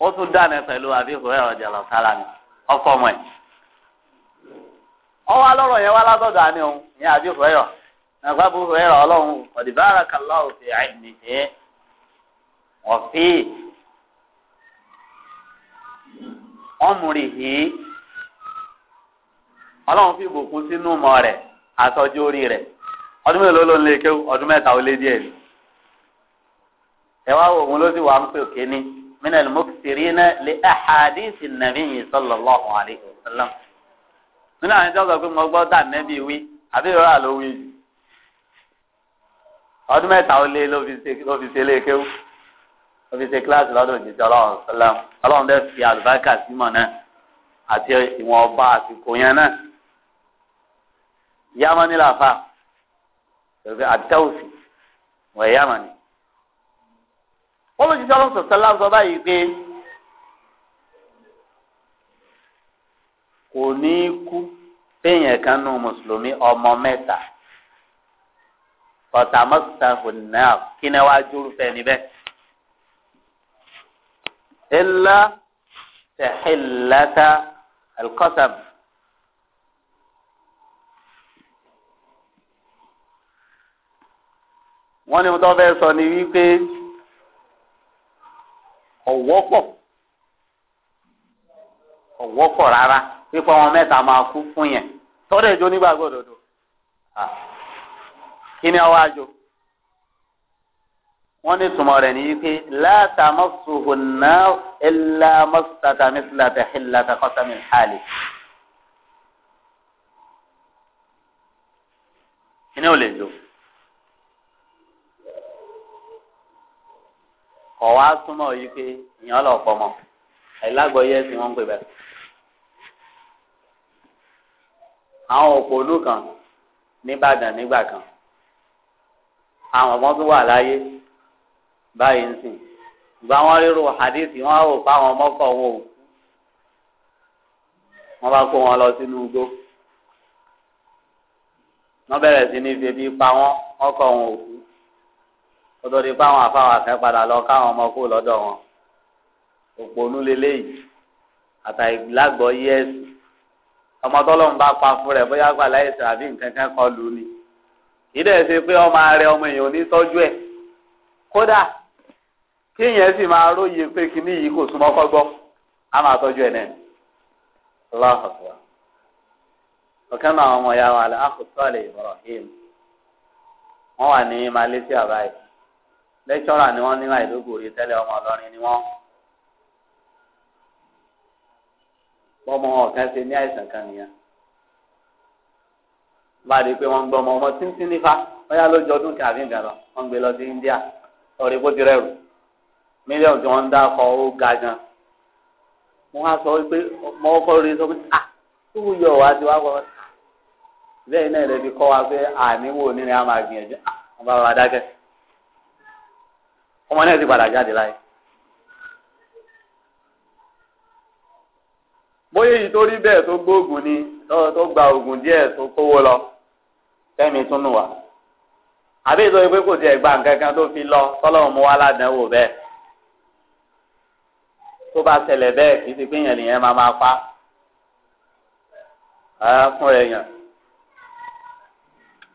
[SPEAKER 1] ó tún dáná pẹ̀lú àbí wáyé rọ́dí aláwọ̀ ọwọ́ lọ́rọ̀ yẹn wá látọ̀dọ̀ àmì òun ní àbí òfurẹ́rọ̀ nàgbà bú òfurẹ́rọ̀ ọlọ́run ọ̀dìbára kàlá òfin àìníṣẹ́ ọ̀fẹ́ ọmọrìhì ọlọ́run fi ìbùkún sínú mọ́ rẹ̀ àtọ́jú orí rẹ̀ ọdún mélòó ló ń ọdún ó lé ni òun ló sì wà ń pè náà nínú àwọn ìjọba pé mo gbọ́ dà nẹ́bí wí àbí ìrora ló wí jù ọdún mẹ́ta ó lé ló fi ṣe lé kéwú ló fi ṣe kíláàsì lọ́dún òjijì ọlọ́run sọlá ọlọ́run bẹ́ẹ̀ fi àlùbáríkà símọ̀ náà àti ìwọ̀n ọba àsìkò yẹn náà yamani lafa àtẹ́wùsì wọ̀ yamani olùjíjọ ọlọ́sọ̀ sẹ́lá sọ báyìí pé kò ní í kú téèyàn kan nù mùsùlùmí ọmọ mẹ́ta ọ̀tà mọ́sàkùn náà kí ni wàá jórúfẹ́ níbẹ̀. ilá tẹ̀hílátà alkọ́sàm. wọ́n ní tó fẹ́ sọ ni wípé ọ̀wọ́pọ̀ ọ̀wọ́pọ̀ rárá pípọ wọn mẹ́ta máa kú fún yẹn tọdọ ìjọ nígbàgbọ́ òdodo kí ni ọwọ àjò wọn ní tùmọ̀ rẹ̀ nìyí pé látàmọsòhùn náà ẹlá mọsítàtàmísìlàtà ẹlàtàkọsàmì hàlì. kíní ò lè jò kọ̀ wá súnmọ́ yìí pé èèyàn lọ mọ́ àìlágbọ̀ọ́yé tí wọ́n ń pè bẹ́ẹ̀. àwọn òpònú kan nìbàdàn nígbà kan àwọn ọmọ tó wà láyé báyìí ń sìn ìgbà wọn rírò hadith wọn ò pa àwọn ọmọ kọ wọn ò wọn bá kó wọn lọ sínú igbó wọn bẹ̀rẹ̀ sí ní fi ebi pa wọn wọn wọn ò kú ó tó pa àwọn àfáwọn àfẹ padà lọ káwọn ọmọ kó lọ́dọ̀ wọn òpònú lélẹyìí àtàlágbọ yẹsì ọmọ tọ́lọ́run bá pa fún rẹ̀ bóyá gbà láyé sàn àbí nǹkan kan kọ lù ú ni ìdẹ̀ ṣe pé ọmọ rẹ ọmọ èèyàn onítọ́jú ẹ̀ kódà kí èèyàn sì máa róye pé kinní yìí kò súnmọ́ kọ́gbọ́ á máa tọ́jú ẹ̀ náà náà ọmọ ya wọ́n wà ní Malaysia báyìí ni wọ́n ní tẹ́lẹ̀ ọmọ ọlọ́rin ni bọ́mọ ọ̀kan ṣe ní àìsàn kan nìyẹn bá a di pé wọ́n ń gbọ́ ọmọ ọmọ tíntín nípa wọ́n yá lójú ọdún kàbí nǹkan lọ wọ́n gbé lọ sí India ọ̀rẹ́ kó ti rẹ̀rù mílíọ̀nù tí wọ́n ń dá ọkọ̀ ó ga gan mo wá sọ pé mo kọ́ rí sọ pé ah tó yọ wá sí wá kọ́ bẹ́ẹ̀ náà lè fi kọ́ wa pé àníwò nínú ẹ̀ á máa gbìyànjú àwọn bàbá wa ọmọ náà ti padà jáde láyé. bóyá èyí tó rí bẹ́ẹ̀ tó gbóògùn ni tó gba òògùn díẹ̀ tó kówó lọ fẹ́mi tún nù wá àbí ìtọ́jú pé kò tiẹ̀ gba nǹkan kan tó fi lọ tọ́lọ́run mú wá ládánwò bẹ́ẹ̀ tó bá ṣẹlẹ̀ bẹ́ẹ̀ kì í ti pé yẹn nìyẹn máa máa pa fún rẹ̀ yàn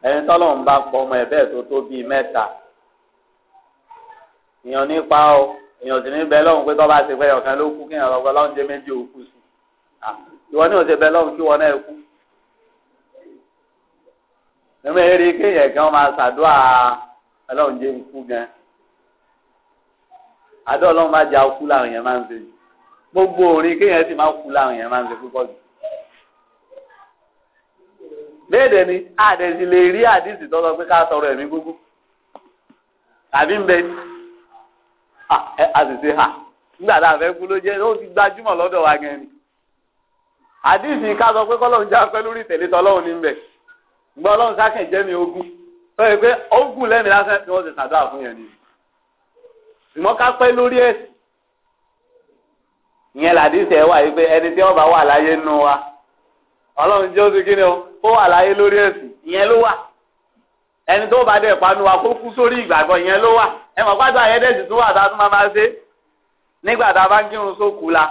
[SPEAKER 1] ẹni tọ́lọ́run bá pọ̀ ọmọ ẹ̀ bẹ́ẹ̀ tó tó bíi mẹ́ta èèyàn nípa o èèyàn sì ní bẹ́ẹ̀ lọ́hùn pé tọ́ bá ṣe pé ọ̀kan ló kú kéèyàn lọ́gbọ́n lọ́hùn jẹ́ méjì òkú sí Ah, ìwọ ní òsè bẹ́ẹ̀ lọ́hùn kí wọ́n náà kú ẹ̀mí ẹ̀rí kéèyàn gan máa ṣàdúrà ọlọ́run jẹ́ ikú gan àdó ọlọ́run bá já kú làwọn èèyàn máa ń ṣe gbogbo orin kéèyàn sì máa kú èèyàn máa ń ṣe púpọ̀ jù ni àdẹ̀sí lè rí àdìsí tọ́lọ pé ká ẹ̀mí gbogbo ń bẹ hà ah, nígbà tá a fẹ́ kú ló jẹ́ ó ti gbajúmọ̀ lọ́dọ̀ wa gan ni. àdìsí ká sọ pé kọ́lọ́run já pẹ́ lórí ìtẹ̀lé tọ́lọ́run ní bẹ̀ gbọ́ ọlọ́run sákẹ̀ jẹ́ mi ogún tó yẹ pé ogún lẹ́mìí lásán tí wọ́n ti sàdúrà fún yẹn ni ìmọ̀ ká pẹ́ lórí ẹ̀sìn ìyẹn làdìsí ẹ̀ wà yìí pé ẹni tí wọ́n bá wà láyé nù wa ọlọ́run jẹ́ oṣù kí ni o ó wà láyé lórí ẹ̀sìn ìyẹn ló wà ẹni tó bá dẹ̀ panu wa kó kú sórí ìgbàgbọ́ ìyẹn ló wà ẹ mọ̀ pàtó àyẹ́dẹ̀sì tó wà tá a tún máa máa ṣe nígbà tá a bá ń kírun sókù la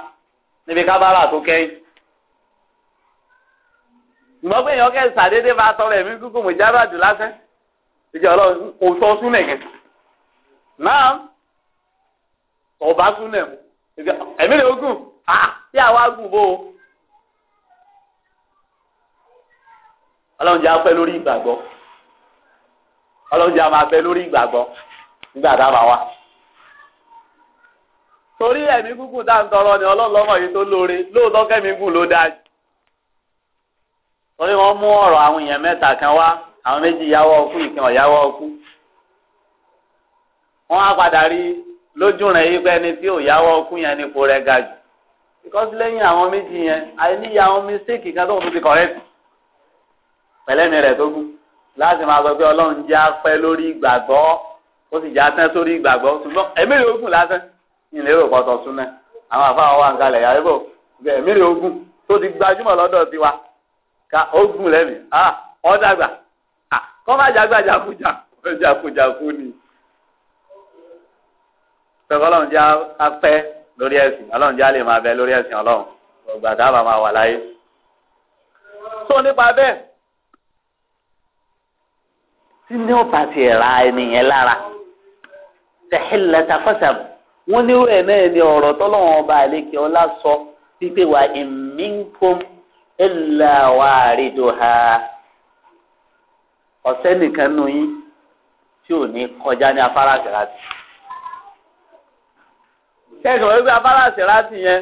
[SPEAKER 1] níbi kábàárà tó kẹ́yìn ìmọ̀ pé èèyàn kẹ́ sàdédé bá tọrọ ẹ̀mí gúgùn mọ̀ jábà jù lásán ìjọ ọlọ́run kò sọ súnlẹ̀ kẹ́ náà ọba súnlẹ̀ mu ẹ̀mí lè gùn tí àwa gùn bó o. ọlọ́run jẹ́ lórí ìgbàgbọ́ ọlọ́run jẹ́ àmà lórí ìgbàgbọ́ nígbà a torí torí wọ́n mú ọ̀rọ̀ àwọn èèyàn mẹ́ta kan wá àwọn méjì yáwọ́ ọkú ìkan ọ̀yáwọ́ ọkú wọ́n á padà rí lójú rẹ̀ yí pé ẹni tí ò yáwọ́ ọkú yẹn ni kò rẹ̀ ga jù because lẹ́yìn àwọn méjì yẹn àìníyà àwọn mistake kan tó ń fi correct pẹ̀lẹ́mi rẹ̀ tó kú láti máa sọ pé ọlọ́run jẹ́ apẹ́ lórí ìgbàgbọ́ ó sì jẹ́ atẹ́ sórí ìgbàgbọ́ ṣùgbọ́n ẹ̀mí rẹ̀ ogun lásán ní ìlérò pọ̀tọ̀ súnmẹ́ àwọn àfáà wà ń kalẹ̀ yàrá ibò ẹ̀mí rẹ̀ ogun tó ti gbajúmọ̀ lọ́dọ̀ tiwa ká ogun lẹ́mi ọ̀ dàgbà kọ́ má jàgbà jàkújà jàkújàkú ni. Sọ̀rọ̀ ọlọ́run jẹ́ apẹ́ lórí ẹ̀sìn ọlọ́run jẹ́ àlè máa bẹ lórí ẹ̀sìn ọlọ́run ọgbà dábàá máa wà láyé. Tó nípa bẹ́ẹ̀ tí ní ọ̀pá ti ra ènìyàn lára tẹ̀hílẹ̀ tafọ́sàmù wọ́n ní wẹ́ẹ̀ náà ni ọ̀rọ̀ tọ́lọ́wọ́n ọba àlékè ọlá sọ wípé wà ìmínkùn illa wariduha ọ̀sẹ́ nìkan nù yín tí ò ní kọjá ní afárá àṣẹ̀ráàtì. kẹ́kọ̀ọ́ wípé afárá àṣẹ̀ráàtì yẹn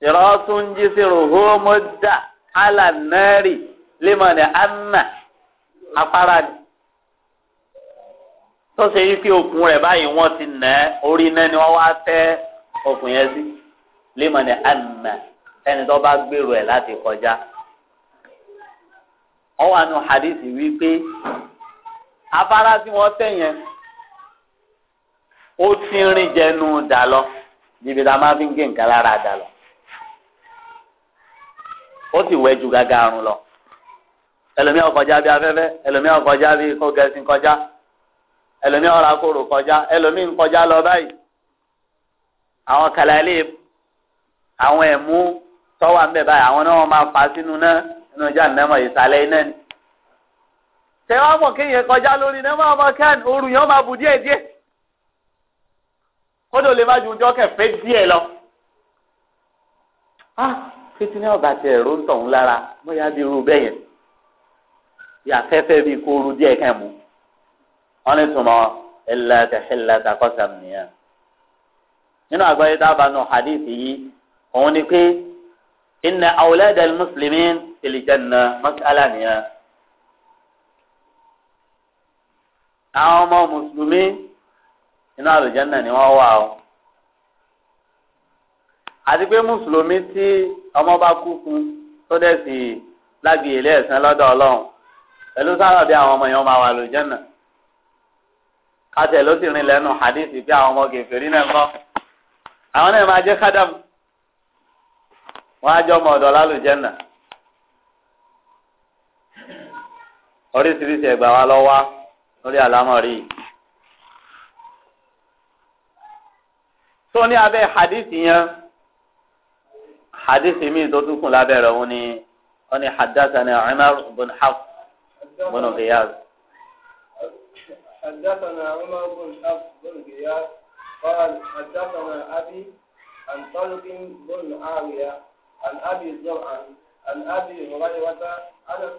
[SPEAKER 1] ṣèrọ́tún jí sí ròhómọ́dà alànẹ́rì lẹ́mọ̀nì anna afárá ni. tó ṣe pé okùn rẹ̀ báyìí wọ́n ti nà ẹ́ orí náà ni wọ́n wá tẹ́ okùn yẹn sí lẹ́mọ̀nì anna ẹni tó bá gbèrò ẹ̀ láti kọjá. wọ́n wà nù hadithi wípé afárá tí wọ́n tẹ̀ yẹn ó ti rìn jẹnu dà lọ níbi tá a máa fi ń gé nǹkan lára dà lọ ó sì wẹ́ ju gàgà àrùn lọ ẹlòmíà kọjá bí afẹ́fẹ́ ẹlòmíà kọjá bí kọ́gẹ́sìn kọjá ẹlòmíà ọ̀rọ̀ akóró kọjá ẹlòmíà ń lọ báyìí àwọn kàlàlẹ́ àwọn ẹ̀mú tọ́wọ́ àmì bẹ́ẹ̀ báyìí àwọn náà wọ́n máa fà á sínú náà nínú ìjà nẹ́mọ̀ ìsàlẹ̀ iná ni. tẹ́wọ́ mọ̀ kéèyàn kọjá lórí nẹ́mọ̀ ọmọ kẹ́hìn ooru yẹn máa bù díẹ̀ díẹ̀ kódò lè má ju ọjọ́ kẹfẹ́ díẹ̀ lọ. fetí náà bá tẹ ẹ̀rọ ń tọ̀hún lára bóyá bí irú bẹ́ẹ̀ yẹn yàtẹ́fẹ́ bíi kó ooru díẹ̀ kẹ́ mu wọ́n ní tùmọ̀ ẹ̀là tẹ̀sílẹ̀ takọ́sàm nìyẹn hadith yìí inna awlad al-muslimin fil janna mas'ala nìyẹn. àwọn ọmọ mùsùlùmí inú àlùjánnà ni wọ́n wà o àti pé mùsùlùmí tí ọmọ bá kú fún tó dẹ̀ sí lágbèyè lẹ́ẹ̀sán lọ́dọ̀ ọlọ́run pẹ̀lú sábà bí àwọn ọmọ yẹn máa wà àlùjánnà kátẹ ló sì rìn lẹ́nu hadith bí àwọn ọmọ kẹfìrí náà kọ àwọn náà máa jẹ kádàm wọn á jọ ọmọ ọ̀dọ̀ lálùjẹnà oríṣiríṣi ẹgbà wa lọ wá lórí àlámọ̀rí yìí. tó ní abẹ́ hadithi yẹn hadithi míì tó tún kùn lábẹ́ rẹ̀ wọn ni wọn ni hadathani Umar bin Hafs bin Ghiyas.
[SPEAKER 3] حدثنا عمر بن حفص بن غياث قال حدثنا أبي عن طلق بن عاوية عن أبي زرع عن أبي هريرة أن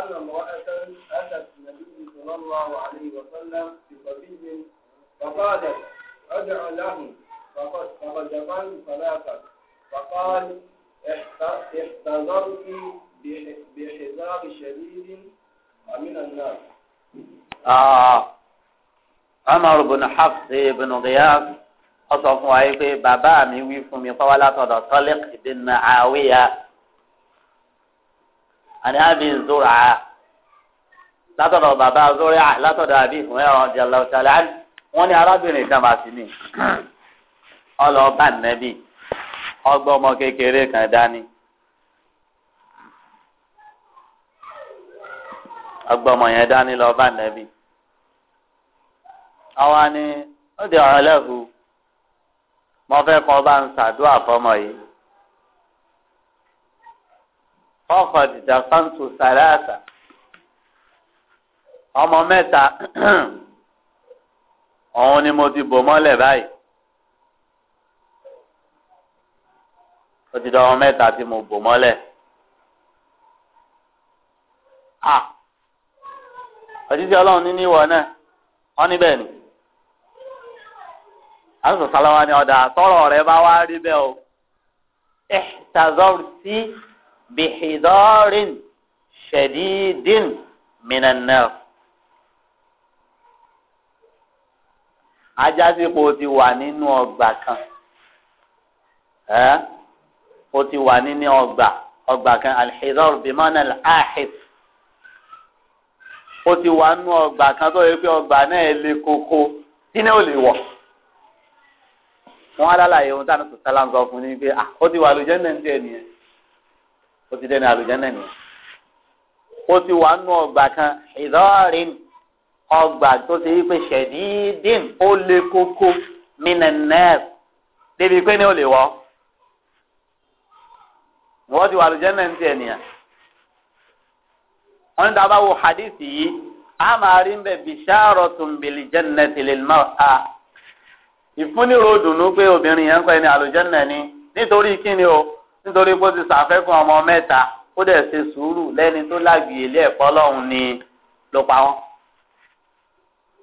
[SPEAKER 3] أن امرأة أتت النبي صلى الله عليه وسلم بصبي فقالت ادع له فرجفا ثلاثا فقال احتضرت بحذار شديد من الناس
[SPEAKER 1] آه عمر بن حفص بن غياث ó sọ fún wa yìí pé bàbá mi wí fún mi pàwọ́ látọ̀dọ̀ tọ́lẹ̀ ìdènà àwíyá àní àbí zura látọ̀dọ̀ bàbá zura látọ̀dọ̀ àbí ìfúnwẹ́ ọ̀rọ̀ jẹ̀lá ọ̀tàlá wọ́n ní arábìnrin kan bá sí ni ọlọ́ọ̀bà nẹ́bí ọgbọ́n ọmọ kékeré kan dání. agbọmọ yẹn dání lọ bá àwa ni ó di ọ̀rọ̀ lẹ́hu mo fẹ́ kọ́ bá ń ṣàdúrà fọmọ yìí. ọkọ̀ dìda fáńtò sàràtà ọmọ mẹ́ta [clears throat] ọ̀hún ni mo ti bò mọ́lẹ̀ báyìí. ó ti dọ́wọ́ mẹ́ta tí mo bò mọ́lẹ̀. òjijì ọlọ́run ní níwọ̀ náà wọ́n níbẹ̀ ni. àwọn sọ̀sálàwà ni ọ̀dà àtọ́rọ̀ rẹ bá wá rí bẹ́ẹ̀ o ihtazor sí bihidorin shadidin minannar. ajásípò ti wà nínú ọgbà kan ó ti wà nínú ọgbà ọgbà kan alhidor bimana alahid ó ti wà nínú ọgbà kan tó yẹ pé ọgbà náà le koko tí náà ò lè wọ̀ wọn á lálàyé ohun táwọn sọ sálà ń sọ fún ni pé ah ó ti wà àlùjẹ́nà ń tiẹ̀ nìyẹn ó ti dẹ́nu àlùjẹ́nà nìyẹn ó ti wà nù ọgbà kan ìdọ́rin ọgbà tó ti yí pé ṣẹ̀dídìn ó le koko mínẹ́ẹ̀ẹ́sì débi pé ní ó lè wọ́ wọ́n ti wà àlùjẹ́nà ń tiẹ̀ nìyẹn wọn dábàá wo hadith yìí a máa rí bẹ́ẹ̀ bisharatun bil jannati lil mar'a ìfúnnirò dùnú pé obìnrin yẹn ń pẹ́ ní àlùjànnà ni nítorí kíni o nítorí pé ó ti sàfẹ́kùn ọmọ mẹ́ta ó dẹ̀ ṣe sùúrù lẹ́ni tó lágbìí ilé ẹ̀kọ́ ọlọ́run ni ló pa wọ́n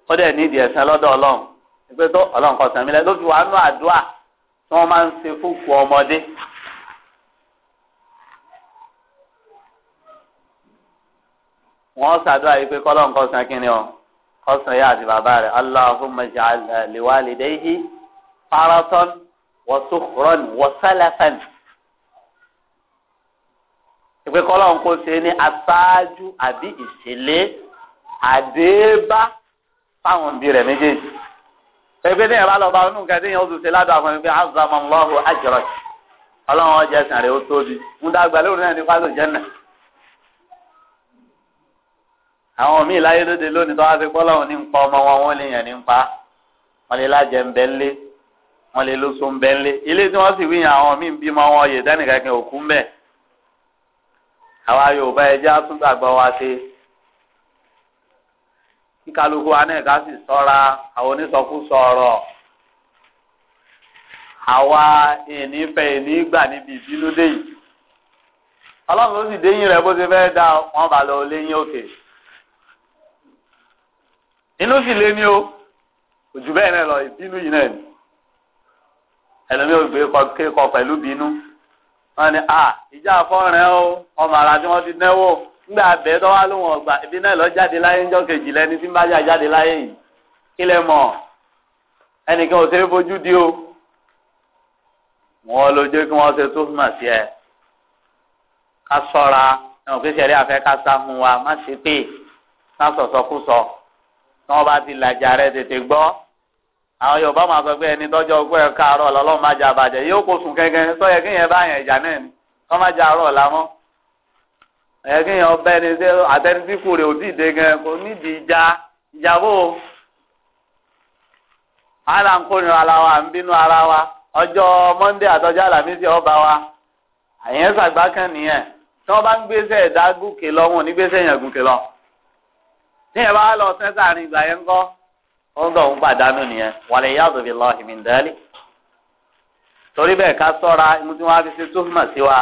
[SPEAKER 1] ó dẹ̀ nídìí ẹ̀sán lọ́dọ̀ ọlọ́run ìpè tó ọlọ́run kan sàmì lẹ́ ló fi wàá nú àdúrà tí wọ́n máa ń ṣe fúnkù ọmọdé. wọ́n ṣàdúrà yìí pé kọ́lọ́run kan sàn kíni ọsàn yá àti bàbá rẹ̀ Allahumma ij'al liwalidayhi faratan wa sukhran wa salafan. ìpè kọ́lọ́ ń kó ṣe ní aṣáájú àbí ìṣẹ̀lẹ̀ àdéébá fáwọn bí rẹ̀ méjèèjì. pẹ̀pẹ́ ní ìyàrá lọ́ba onú nǹkan tí yẹn ó ṣe ládùn àwọn ẹgbẹ́ azamallahu ajrak ọlọ́run ọjà ẹ̀sìn rẹ̀ ó tóbi. mo dàgbà lórí náà ní fásitì jẹ́nà àwọn míì láyé lóde lónìí tó wá fi kọ́ láwọn ní ń pa ọmọ wọn wọ́n lè yàn ní ń pa wọ́n lè lájẹ ń bẹ́ ńlé wọ́n lè lóso ń bẹ́ ńlé ilé tí wọ́n sì wí yàn àwọn míì ń bímọ wọn yè dánìkankan òkú ń bẹ̀. àwa Yorùbá ẹjẹ́ àtúntàgbọ́ wa ṣe kí kálukú wa náà ká sì sọ́ra àwọn onísọkúsọ ọ̀rọ̀ àwa ìnífẹ̀ ìnígbà níbi ìbílódé yìí ọlọ́run ló sì déyìn rẹ̀ bó ṣe fẹ́ dá wọn bá lọ léyìn òkè. Okay ìbínú sì lé ní o òjò bẹ́ẹ̀ náà lọ ìbínú yìí náà ni ẹlòmíì ò gbé kékọ pẹ̀lú bínú wọn ni a ìjà fọ́ọ̀rẹ́ o ọmọ ara tí wọ́n ti náwó nígbà abẹ́ tó wá lóhùn ọgbà ìbí náà lọ jáde láyé ńjọ́ kejì lẹ́ni tí ń bá jà jáde láyé yìí kí lẹ mọ̀ ẹnìkan ò ṣeé fojú di o wọn ló jẹ́ kí wọ́n ṣe tó mà sí ẹ ká sọ́ra ẹ̀wọ̀n pé sẹ́rí àfẹ́ ká sá fún wa má ṣe pé ká sọ̀sọ́kú sọ. So tí wọ́n bá ti làjà tètè gbọ àwọn Yorùbá máa sọ pé ẹni tọjọ ọgbọ́ ẹ̀ káàárọ̀ lọ́lọ́run má jà àbàjẹ́ yóò kó sùn kẹ́kẹ́ sọ́yẹ kí yẹn bá yẹn ìjà náà ni kọ́ má jẹ àárọ̀ lámọ́ kí yẹn ni ò tí ì dé gan kò nídìí ìjà àlà ń kórìíra ara ọba wa nìyẹn tí bá ń lọ ò ní lọ. tí ẹ bá lọ sẹ́ sáàrin ìgbà yẹn kọ́ ó ń pàdánù nìyẹn wàlẹ̀ yàtọ̀ bí lọ́ọ̀hìn mi torí bẹ́ẹ̀ ká sọ́ra inú tí fi ṣe sí wa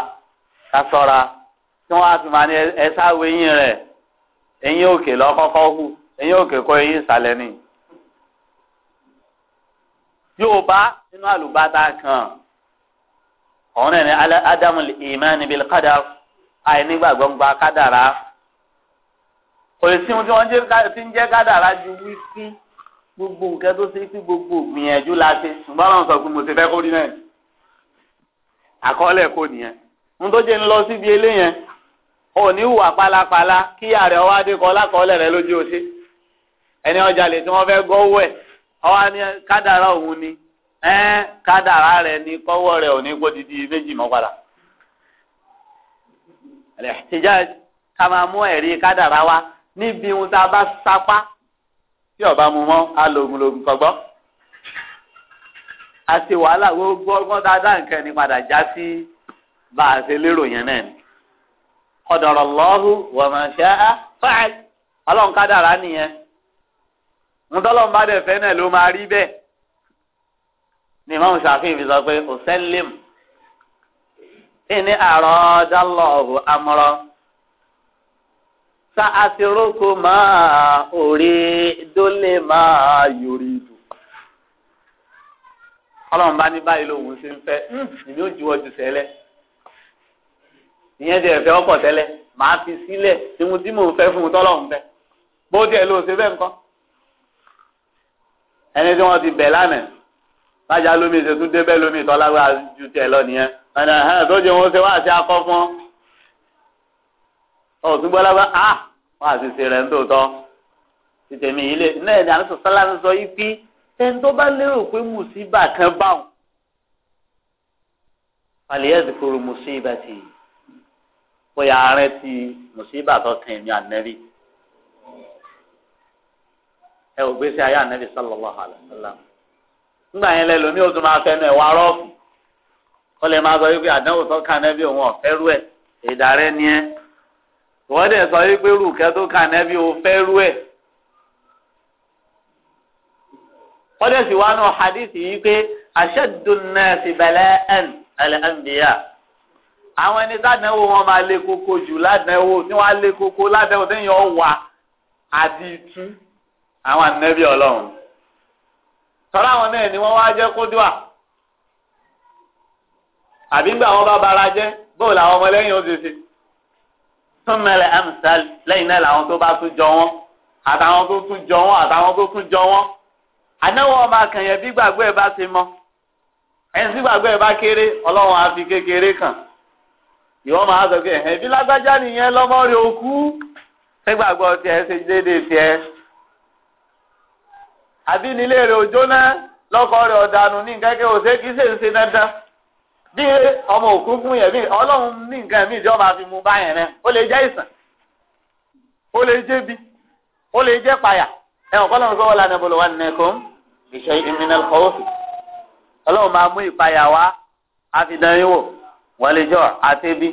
[SPEAKER 1] ká sọ́ra tí wọ́n á fi máa ní ẹ sáwọ eyín rẹ̀ eyín òkè lọ́kọ́kọ́ kò sí ohun tí wọ́n ti ń jẹ́ kádàrá ju wí gbogbo nǹkan tó ṣe sí gbogbo gbìyànjú la ṣe ṣùgbọ́n àwọn sọ pé mo ti fẹ́ kó rí náà àkọọ́lẹ̀ kò nìyẹn ohun tó jẹ́ ń lọ síbi eléyẹn òní wà pálapàla kí ààrẹ ọwọ́ adékọ lákọọ́lẹ̀ rẹ lójú ọṣẹ ẹni ọjà lè tí wọ́n fẹ́ gọ́wọ́ ẹ̀ ọwọ́ ni kádàrá òun ni ẹ́n kádàrá rẹ ni kọ́wọ́ rẹ òní kó didi méjì mọ́ padà. ẹ̀ẹ́dẹ́jà ká máa mú ẹ̀rí kádàrá wá níbi ohun tá a bá sapá tí ọba mu mọ́ á lo ogunlogun kọgbọ́n àti wàhálà gbogbo ọgbọ́n tá a dá nǹkan ni padà já sí bá a ṣe lérò yẹn náà ni qadarallahu wa ma sha'a fa'al ọlọ́run ká dára nìyẹn ntọ́lọ́run bá dẹ̀ fẹ́ náà ló máa rí bẹ́ẹ̀ ni ìmáàmù Ṣàfi'í fi sọ pé òsẹ́lẹ̀mù ìní àròdálọ́ọ̀hù amọ̀rọ̀ sa'asiruku ma uridu lima yuridu. ọlọ́run bá ní báyìí lòun ṣe ń fẹ́ hmm, ìlú òjìwọ́ ju sẹ́lẹ̀ ìyẹn ti ẹ̀fẹ́ ọkọ̀ tẹ́lẹ̀ màá fi sílẹ̀ ìhun tí mò ń fẹ́ fún un tọ́lọ́run fẹ́ bó tiẹ̀ ló ṣe bẹ́ẹ̀ nǹkan. ẹni tí wọ́n ti bẹ̀ lánàá lájà lómi ṣe débẹ̀ lómi ìtọ́lágbá ju tiẹ̀ lọ nìyẹn ọ̀nà tó jẹun ó ṣe wá àti akọ fún ọ. a. wọn àṣìṣe rẹ̀ ń dòótọ́ tètèmí ilé náà na àlùsọ sálàmù sọ yìí pé ẹni tó bá lérò pé mùsíbà kan bá wọn àlìyẹ́sì kúrò mùsíbà tì ya ti mùsíbà tó kàn aneri. ànẹ́bí ẹ ò aneri ayé ànẹ́bí sallallahu alaihi wasallam anyị wọ́n dẹ̀ sọ wípé rúkẹ́ tó kà nẹ́bí o fẹ́ rú ẹ̀. wọ́n dẹ̀ sì wá nù hadithi yìí pé aṣẹ́dùnẹ́sì bẹ̀lẹ́ ẹ̀n ẹ̀lẹ́mbìyà. àwọn ẹni sádẹ́wò wọn máa lé koko jù ládẹ́wò tí wọ́n á lé koko ládẹ́wò téèyàn ó wà àti ìtú
[SPEAKER 3] àwọn ànẹ́bí ọlọ́run.
[SPEAKER 1] tọ́lá àwọn náà ni wọ́n wá jẹ́ kódùà. àbí wọn bá bara jẹ́ bóòlù àwọn ọmọlẹ́yìn ó ti ṣe sọmọlẹ amsal lẹ́yìn náà làwọn tó bá tún jọ wọn àtàwọn tó tún jọ wọn àtàwọn tó tún jọ wọn ànáwó ọba kan yẹn bí gbàgbọ́ ẹ bá ti mọ ẹni tí gbàgbọ́ ẹ bá kéré ọlọ́run á fi kékeré kàn ìwọ máa sọ pé ẹ̀hìn bí lágbájá nìyẹn lọ́mọ rẹ̀ òkú ṣé gbàgbọ́ tiẹ̀ ṣe déédéé tiẹ̀ àbí nílé rẹ̀ òjò náà lọ́kọ rẹ̀ ọ̀dànù ní kẹ́kẹ́ òṣèkí ṣèṣe dandan bí ọmọ òkú fún yẹn bí ọlọ́run ní nǹkan mí ìjọba fi mu báyẹn rẹ ó lè jẹ́ ìsàn ó lè jẹ́ bi ó lè jẹ́ payà ẹ̀wọ̀n kọ́ lọ́run sọ wọlé anábọ̀lù wa nìyẹn kò ń ìṣe ìmìnira kọ́ọ̀fì ọlọ́run máa mú ìpayà wá àfidàn yín wò wọlé jọ àti bí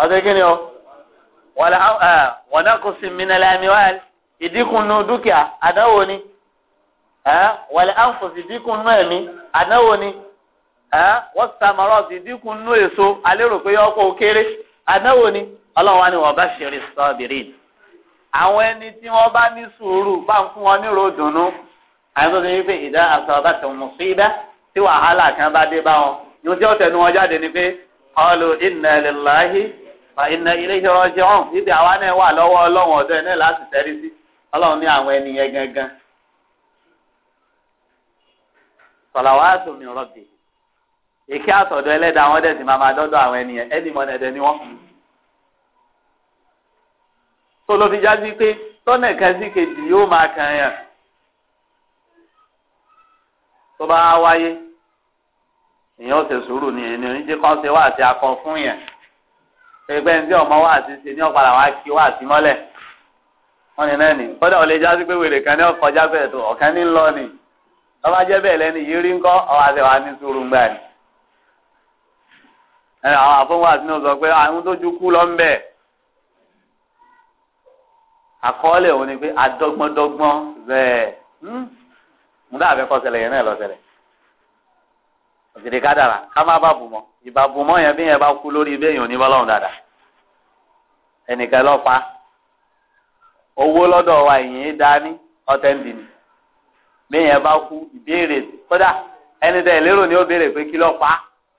[SPEAKER 1] ọdún kí ni o wọlé wọn náà kò sí ìmìnira ẹ̀mí wá ìdínkù nù dúkìá àdáwò ni wọlé àǹfọ̀sì ìdínkù nù ẹ̀mí àdáwò ni. wọ́n sàmọ́rọ́ ti dínkù nú èso alérò pé ọkọ̀ òkèrè anáwó ni ọlọ́run wa ni wọ́n bá ṣeré sọ́ọ̀bìrì. àwọn ẹni tí wọ́n bá ní sùúrù bá ń fún wọn ní ròdùnú àyìn tó ti ní pé ìdá àsọ̀bá tó mú sí ibà tí wàhálà kan bá dé bá wọn ní ojú ọ̀tẹ̀ ni wọ́n jáde ni pé ibi àwa náà àwọn ẹni èké àtọ̀dọ̀ ẹlẹ́dàá àwọn ẹ̀dẹ̀sìn máa ma dọ́dọ̀ àwọn ènìyàn ẹni mọ̀ ẹ̀dẹ̀ ni wọ́n. tó ló fi já sí pé tọ́nà kan kejì yóò máa kàn yàn tó bá wáyé èèyàn ṣe sùúrù ni ẹni oníjẹ kan ṣe wáàsí akọ fún yẹn ṣe ní wá kí mọ́lẹ̀ wọ́n ní kọ́dà ò lè já sí pé wèrè kan ní ọkọ̀ jábẹ̀ẹ́ tó ọ̀kan ní jẹ́ bẹ́ẹ̀ yìí àwọn àfọwọ́ àti náà sọ pé ah, àwọn tó ju kú lọ ń bẹ̀. àkọọ́lẹ̀ òun ni pé adọ́gbọ́ndọ́gbọ́n bẹ́ẹ̀ mú hmm? dàbẹ́ kọ́ ṣẹlẹ̀ yẹn náà lọ ṣẹlẹ̀. òkèdè kádàrà ká má bà bùmọ̀ ìbà bùmọ̀ yẹn bí yẹn bá kú lórí ibẹ̀ yẹn ò ní bọ́lọ́run dáadáa. ẹnìkan lọ pa owó lọ́dọ̀ wa ìyẹn dání ọ̀tẹ́ǹdì ni bí yẹn bá kú ìbéèrè kódà ẹni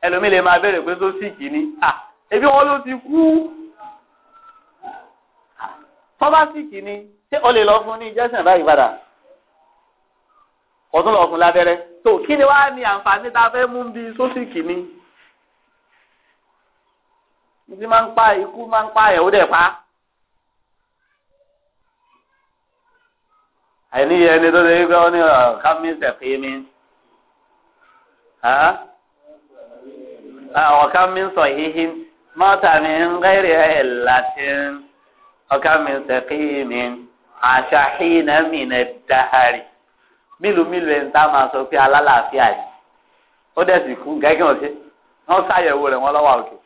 [SPEAKER 1] ẹlòmíì lè máa bẹ̀rẹ̀ pé tó sì kì ní à ebi wọn ló ti kú tọ́ba sì kì ní ṣé o lè lọ fún ní jẹ́sìn báyìí padà ọdún lọ fún lábẹ́rẹ́ tó kí ni wàá ní àǹfààní tá a fẹ́ mú bí sósìkì ni ìdí máa ń pa ikú máa ń pa ẹ̀wọ́ dẹ̀ pa. àìníyẹ ẹni tó ṣe é gbọ́ ní kámi ṣẹ̀fẹ́ mi. ọ̀kan mi ń sọ hihi mọ́tà mi ń gẹ́rì ẹ̀ latin ọ̀kan mi ń sẹ́kì mi àṣà hìnà mi nà dàhárì mélòó mélòó ẹ̀ ń tá máa sọ pé alálàáfíà yìí ó dẹ̀ sì kú gẹ́gẹ́ ọ̀sẹ̀ wọ́n ṣàyẹ̀wò rẹ̀ wọ́n lọ́wọ́ òkè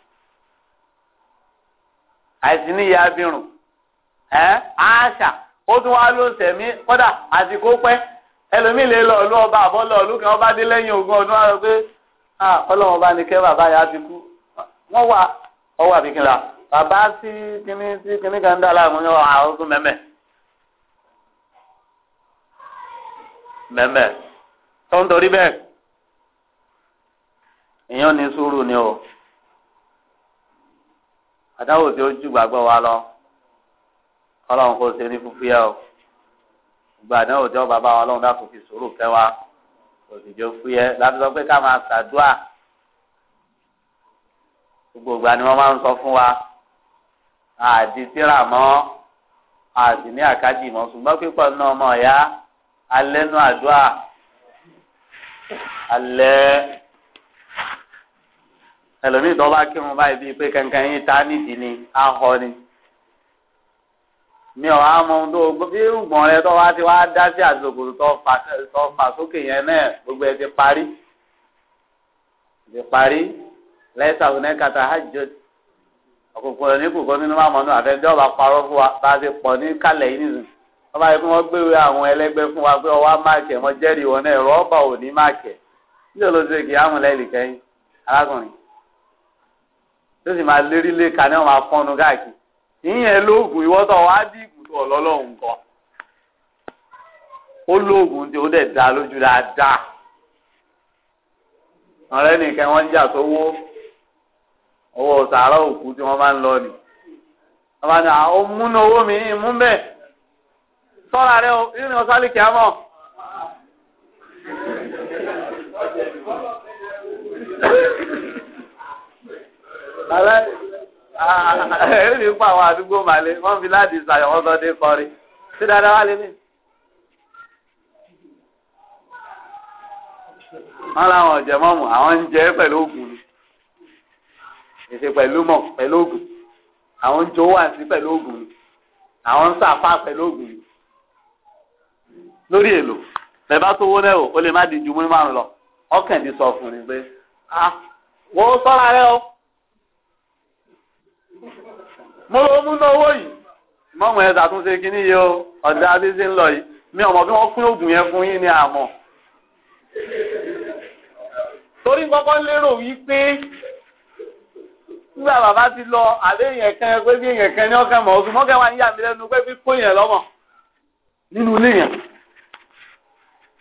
[SPEAKER 1] àìsí níyà bírùn ẹ́ àṣà ó tún wá ló sẹ̀mí kódà ọba kan ọba dé lẹ́yìn ogún rẹ pé. ah ọlọ́run bá ní kẹ́ bàbá yà á ti kú wọ́n wà ọwọ́ àbíkínra bàbá sí kíní sí kíní kan dá láàmú ní àwọn ọdún mẹ́mẹ́ mẹ́mẹ́ tó ń torí bẹ́ẹ̀ èèyàn ní sùúrù ni o àdáwò tí ó jù wa lọ ọlọ́run kò ṣe ní fúfúyẹ́ o gbàdánwò tí ó bàbá wa ọlọ́run dákun fi sùúrù kẹ́ wa òsìjọ fúyẹ́ láti sọ pé ká máa ṣàdúà gbogbo ìgbà ni wọ́n máa ń sọ fún wa àdì tíra mọ́ àdì ní àkájì mọ́ ṣùgbọ́n pípọ̀ náà ọmọ ọ̀yá alẹ́ nu àdúà alẹ́ ẹlòmíì tó bá kírun báyìí bíi pé kankan yín ta nídìí ni ahọ́ ni mi ò á mọ ohun tó gbọ́ bí ìgbọ̀n rẹ tó wá ti wá dá sí àsokòtò tó fà sókè yẹn náà gbogbo ẹ ti parí ti parí lẹ́sà oníkàtà àjọ ọ̀kùnkùn rẹ̀ ní kùkọ́ nínú màmọ́ náà àfẹ́jọ́ bá parọ́ fún wa bá a ti pọ̀ ní kálẹ̀ yìí nìyí wọ́n bá yẹ kí wọ́n gbéwé àwọn ẹlẹ́gbẹ́ fún wa pé ọwá máàkì ẹ̀mọ́ jẹ́rìí wọn náà ẹ̀rọ ọba ò ní máàkì ẹ̀ ní kì í àmúlẹ̀ ìlìkẹ́yìn arákùnrin tó sì máa lérí lé ka ní ọmọ afọ́nu káàkiri. ìyẹn lóògùn ìwọ́tọ̀ wá bí ìgùtọ̀ ọlọ́lọ́hún kan ó lóògùn tí ó dẹ̀ da lójú dáadáa ọ̀rẹ́ nìkan wọ́n jà sówó owó sàárà òkú tí wọ́n máa ń lọ nì wọ́n máa ní àwọn múnú owó mi mú bẹ́ẹ̀ sọ́ra rẹ o ìrìn [laughs] èmi ah, [laughs] pa àwọn àdúgbò màlẹ wọn fi láti ṣàyẹ̀wò sọdẹ kọrin sí dáadáa wà lélẹ̀. wọn làwọn ọjẹ mọmù àwọn ń jẹ pẹ̀lú ògùn ni èsè pẹ̀lú mọ pẹ̀lú ògùn àwọn ń jó wà sí pẹ̀lú ògùn ni àwọn ń sàfà pẹ̀lú ògùn ni lórí èlò bẹ̀bá tó wó náà o lè má di ju mú márùn lọ ọkàn ti sọ fún mi pé ah wo sọ́ra rẹ o mo mú náwó yìí mọ́mọ́ ẹ̀ ṣàtúnṣe kínní yìí o ọ̀dà abísí ń lọ yìí mi ò mọ̀ bí wọ́n pín oògùn yẹn fún yín ní àmọ́. torí kọ́kọ́ lérò wípé nígbà bàbá ti lọ àbí èèyàn kan pé bí èèyàn kan ní ọkàn mọ̀ ọdún mọ́kàn wà ń yà mí lẹ́nu pé bí kó èèyàn lọ́mọ nínú ilé yẹn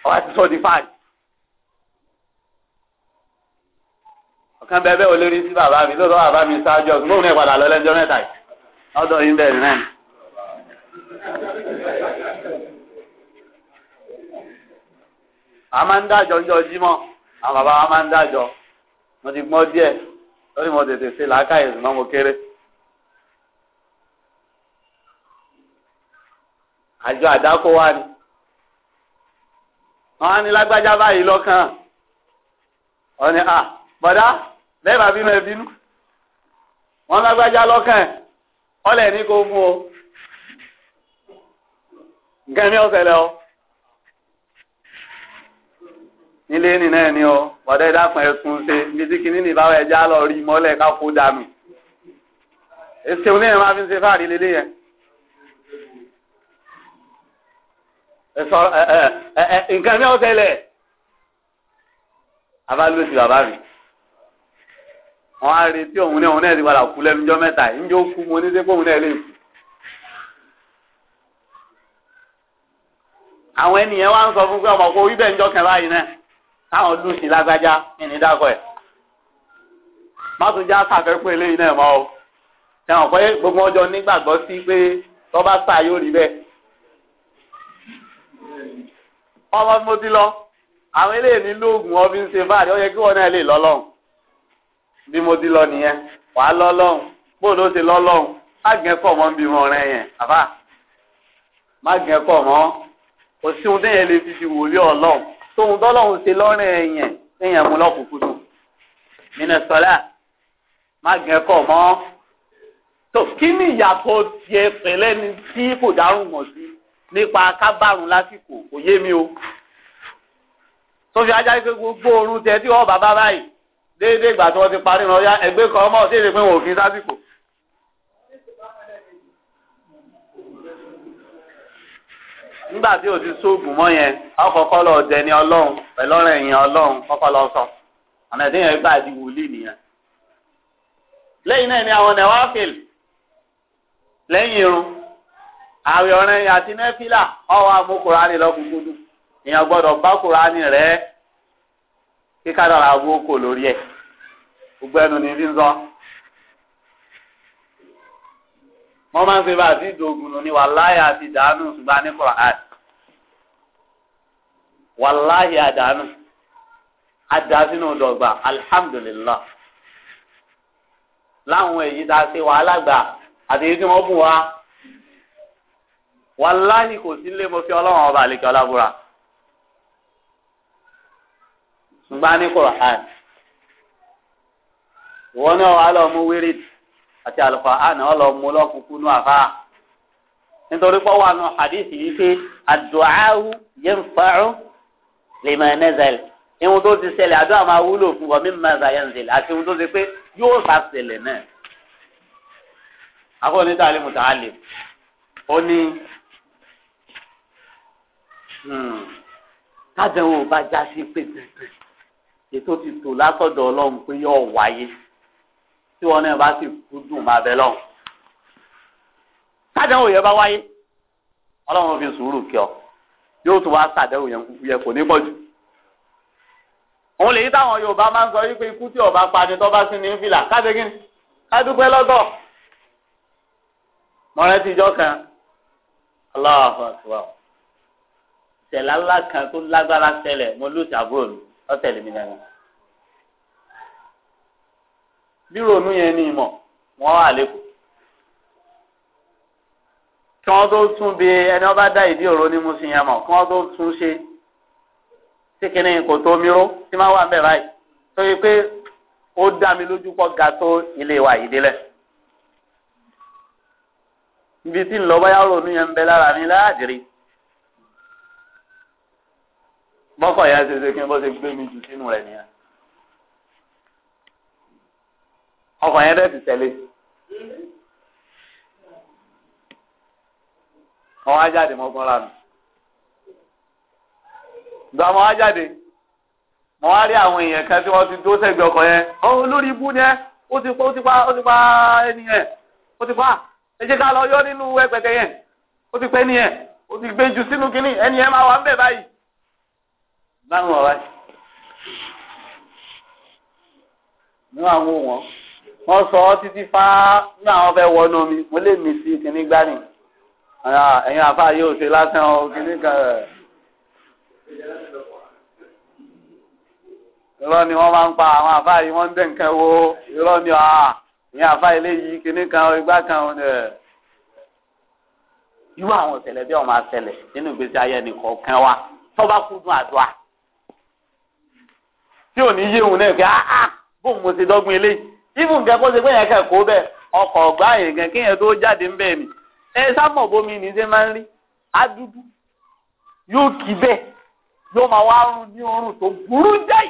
[SPEAKER 1] ọ̀rọ̀ àti sọ́ọ̀dì fáàdì. kan bẹ́ẹ̀ bẹ́ẹ̀ olórí sí bàbá mi lọ́dọ̀ bàbá mi ṣáájú ọ̀sùn lóun náà padà lọ lẹ́jọ́ mẹ́ta yìí ọ̀dọ̀ yín bẹ́ẹ̀ náà. a máa ń dájọ́ ọjọ́ jímọ̀ àwọn bàbá wa máa ń dájọ́ mo ti gbọ́ díẹ̀ lórí mo tètè ṣe làákàyè ṣùgbọ́n mo kéré. àjọ àdákó wa ni wọn á ní lágbájá báyìí lọ́kàn ọ ni à bẹ́ẹ̀ bá bínú ẹ bínú wọn lágbájá lọ́kàn ọlẹ̀ ní kò mú o nǹkan mi o nílé ní náà ni o bọ̀dẹ́ dákun ẹ̀sùn ṣe ibi tí kìíní ní ìbáwọ̀ ẹja lọ rí mọ́lẹ̀ ká kó dànù èsì òun lẹ́yìn máa fi ń ṣe fáàrí lélẹ́ yẹn. nǹkan mi ọ̀sẹ̀ lẹ̀ bàbá mi wọn á retí òun náà òun náà ti padà kú lẹ́nujọ́ mẹ́ta yìí ń jó kú mo ní sẹ́kọ̀ òun náà lè kú. àwọn ènìyàn wá ń sọ fún pé ọmọ kò wíbẹ̀ ńjọ́ kẹfà yìí náà táwọn lù sí lágbájá ìní dákọ̀ ẹ̀. má tún já sàfẹ́pọ̀ eléyìí náà mọ́ o. ẹ̀wọ̀n pé gbogbo ọjọ́ nígbàgbọ́ sí pé tọ́ba sá yóò rí bẹ́ẹ̀. ọmọ mo ti lọ àwọn eléyìí ní lóògùn ọ bí mo di lọ nìyẹn wàá lọ́lọ́hùn bó ló ti lọ́lọ́hùn má gẹ̀ kọ̀ mọ́ bí mo rẹ̀ yẹn àbá má gẹ̀ kọ̀ mọ́ kò sí ohun téèyàn lè fi fi wòlé ọlọ́hùn tóun tọ́lọ́hùn ṣe lọ́rìn ẹ̀yẹn téèyàn mú lọ́kùnkúndùn nínú sọlá má gẹ̀ kọ̀ mọ́ tó kí ni ìyàtọ̀ tiẹ̀ pẹ̀lẹ́ ni tí kò dárùn mọ̀ sí nípa kábàrún lásìkò kò yé mi o tó fi ajá pé gbogbo oorun tẹ tí wọ́n bàbá báyìí déédéé ìgbà tí wọ́n ti parí lọ́yà ẹgbẹ́ kan ọmọ ọ̀sẹ̀ èdè pé wọn ò kí sásìkò. nígbà tí o ti sóògùn mọ́ yẹn ọkọ̀ọ̀kọ́ lọ dẹni ọlọ́run pẹ̀lú ọ̀rẹ́ yẹn ọlọ́run kọ́kọ́ lọ sọ ọ̀nà ìdíyẹn gbà di wòlíì nìyẹn. lẹ́yìn náà ni àwọn nẹ̀wáfìl lẹ́yìn irun àwẹ̀ ọ̀rẹ́ àti nẹ́fílà ọwọ́ amúkùránì lọ́kùnkúndùn èèyàn gbọ́dọ̀ bá kùránì rẹ̀ kí dára owó kò lórí ẹ gbogbo ẹnu ní nzọ. wọ́n máa ń ṣe bá àti ìdògùn ní wàláyà àti ìdánù a ní kọ̀ọ̀ wàláyà àdánù àdásínú dọ̀gba alihamdulilah láwọn èyí tá a ṣe wàhálà gbà àti èyí tí wọ́n bù wá kò ṣùgbọ́n ní kùrọ̀hán wọn náà wà lọ mú wíríd àti àlùkùrọ̀hán wọn lọ mú lọ́kùnkún nù àfà nítorí pé wà nù hadith yìí pé àdùáhù yẹn fàáhù lèmọ̀ nẹ́zẹ̀lì ihun tó ti ṣẹlẹ̀ àdúrà máa wúlò fún wọn mímọ́ ṣàyẹ̀ǹsẹ̀lẹ̀ àti ihun tó ti pé yóò ṣàṣẹlẹ̀ náà akọ́ ní tàlẹ́ mu tàlẹ́ ó ní kájọ hmm, wo bá já sí pé dandan ètò ti tò látọ̀dọ̀ ọlọ́run pé yóò wáyé tí wọn náà bá sì kú dùn máa bẹ lọ́hùn. sádẹ́wò yẹn bá wáyé ọlọ́run fi sùúrù kí ọ yóò tún wá sádẹ́wò yẹn kúkú yẹ kò ní pọ̀ jù. òun lèyí táwọn Yorùbá máa ń sọ wípé ikú tí ọba pani tó bá sí ní fìlà kádégin kádúpẹ́ lọ́gọ̀. mọ̀rẹ́tì kan aláwọ̀ àfọwọ́ ìṣẹ̀lá ńlá kan tó lágbára ṣẹlẹ̀ mo lù ṣàbúrò ọ̀tẹ̀lẹ̀ mi lẹ́nu. bí ronú yẹn ní ìmọ̀ wọ́n wà lẹ́kọ̀ọ́. kí wọ́n tó tún bí ẹni ọba dá ìdí òró ní mùsùlùmí mọ̀ kí wọ́n tó tún ṣe tí kìíní kò tó míró tí máa wà ń báyìí tó yẹ pé ó dá mi lójú pọ̀ ga tó ilé wa yìí délẹ̀ ibi tí ń lọ báyà ronú yẹn ń bẹ lára mi láàdìrí bọ́kọ̀ ya ṣe ṣe kí n bọ́ ṣe gbé mi jù sínú rẹ̀ nìyẹn ọkọ̀ yẹn dẹ̀ ti tẹ̀lé ọmọ ajáde mọ́gbọ́n lánàá gba ọmọ ajáde mọ wá rí àwọn èèyàn kan tí wọ́n ti dó sẹ́gbẹ̀ẹ́ ọkọ̀ yẹn ọ olórí ibú ni ó ti pa ó ti pa ó ti pa ẹnìyẹn ó ti pa ẹ ká lọ yọ nínú ẹgbẹ̀tẹ̀ yẹn ó ti pẹ́ nìyẹn ó ti gbé jù sínú kínní máa wà ń bẹ̀ báyìí. báwọn ọ̀rá ní àwọn wọn wọn sọ ọ títí fáá ní àwọn fẹ́ wọnú mi mo lè mí sí kíní gbani ẹ̀yin àfa yóò ṣe lásán o kíní kan rẹ̀. irọ́ ni wọ́n máa ń pa àwọn àfa yìí wọ́n ń dẹ̀ nǹkan wo irọ́ ni ẹ̀yin àfa eléyìí kíní kan igbá kan rẹ̀ irú àwọn ìṣẹ̀lẹ̀ bí wọ́n máa ṣẹlẹ̀ nínú ìgbésí ayé ẹnì kọ̀ọ̀kan wa tọ́ba kú dùn àdúrà tí ò ní yé òun náà pé áá ah, ah, bóun mo ti dọ́gbọ́n eléyìí ibùn nǹkan kó ṣe pé yẹn kẹ́kọ̀ọ́ bẹ́ẹ̀ ọkọ̀ ọ̀gbá èèyàn kéèyàn tó jáde ń bẹ́ẹ̀ mi ẹ sámọ̀ bómi ní ṣe máa ń rí adúdú yóò kí bẹ́ẹ̀ yóò máa wá rún ní oorun tó burú jáì.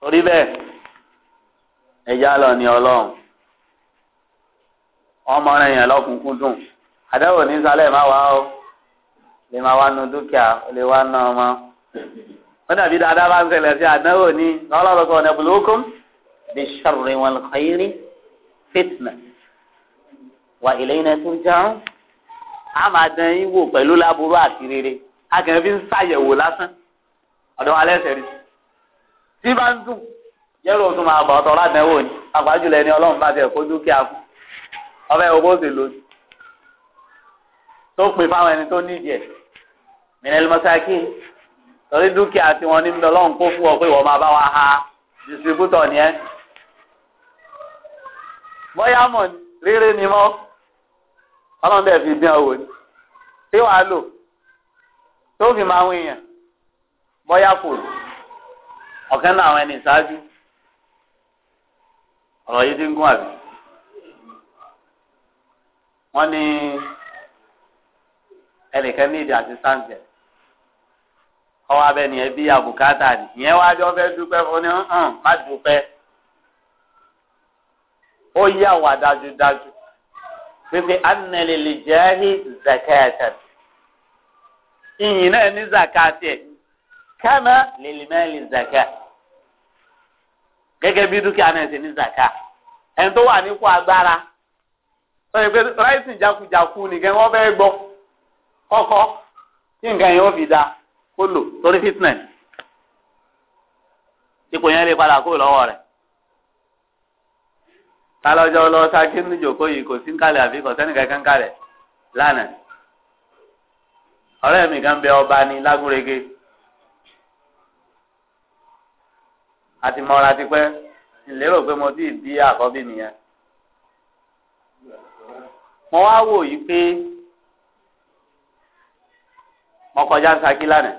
[SPEAKER 1] torí bẹ́ẹ̀ ẹ̀yà lọ ni ọlọ́run ọmọ rẹ̀ yẹn lọ́kùnkúndùn àdáwò ní sálẹ̀ má wá o lè máa wá nu dúkìá ó lè wá ná ọmọ wọn dàbí dáadáa bá ń ṣẹlẹ̀ sí àdánwò ní ọlọ́dọ̀kọ̀ ọ̀nà bulókùn bí sharri wal khairi fitna wa ilayna turja'un a máa dán yín wò pẹ̀lú láburú àti rere a kàn fi ń ṣàyẹ̀wò lásán ọ̀dọ̀ alẹ́ sẹ̀rí tí bá ń dùn yẹ́rù òtún máa bọ̀ ọ̀tọ̀ ládẹ́wò ni àgbájúlẹ̀ ni ọlọ́run bá tẹ̀ kó dúkìá fún ọbẹ̀ owó sì lòdì tó pè fáwọn ẹni tó nídìí ẹ̀ minel masaki torí dúkìá tí wọn ní ń bẹ lọ́hùn kó fún ọ pé wọ́n máa bá wa ha distributor ni ẹ. bóyá mọ̀ rírì ni mọ́ ọlọ́run dẹ̀ fi dín ọ̀wọ́ ni tí wàá lò tó fi máa ń wíyàn bóyá kò lò ọ̀kan náà àwọn ẹni ìṣáájú ọ̀rọ̀ yìí ti ń gún àbí. wọ́n ní ẹnìkan ní ìdí àti sáǹtẹ̀. ọwọ́ abẹ nìyẹn bí àbùkátà ni ìyẹn wá jọ fẹ́ dúpẹ́ fún ni hàn má ó yí àwà dájúdájú pípé anẹlẹlẹ jẹ́rì zakẹ́tẹ̀ ìyìn náà ní zakẹ́tẹ̀ kẹ́mẹ́ lèlìmẹ́lì zakẹ́ gẹ́gẹ́ bí dúkìá náà ṣe ní tó wà nípò agbára pé ráìsì jákujàku nìkan nǹkan yẹn ó fi dáa. kó lò torí fitness ipò yẹn lè padà kó lọ́wọ́ rẹ̀ talọ́jọ́ lọ sáájú níjòkó yìí kò sí ń kalẹ̀ àbí kò sẹ́ni kankan kalẹ̀ lánàá ọ̀rẹ́ mi kan bẹ ọba ní lágúnrege àti mọ́ra ti pẹ́ ìlérò pé mo ti bí àkọ́bí nìyẹn mo wá wò yìí pé mo kọjá sákí lánàá.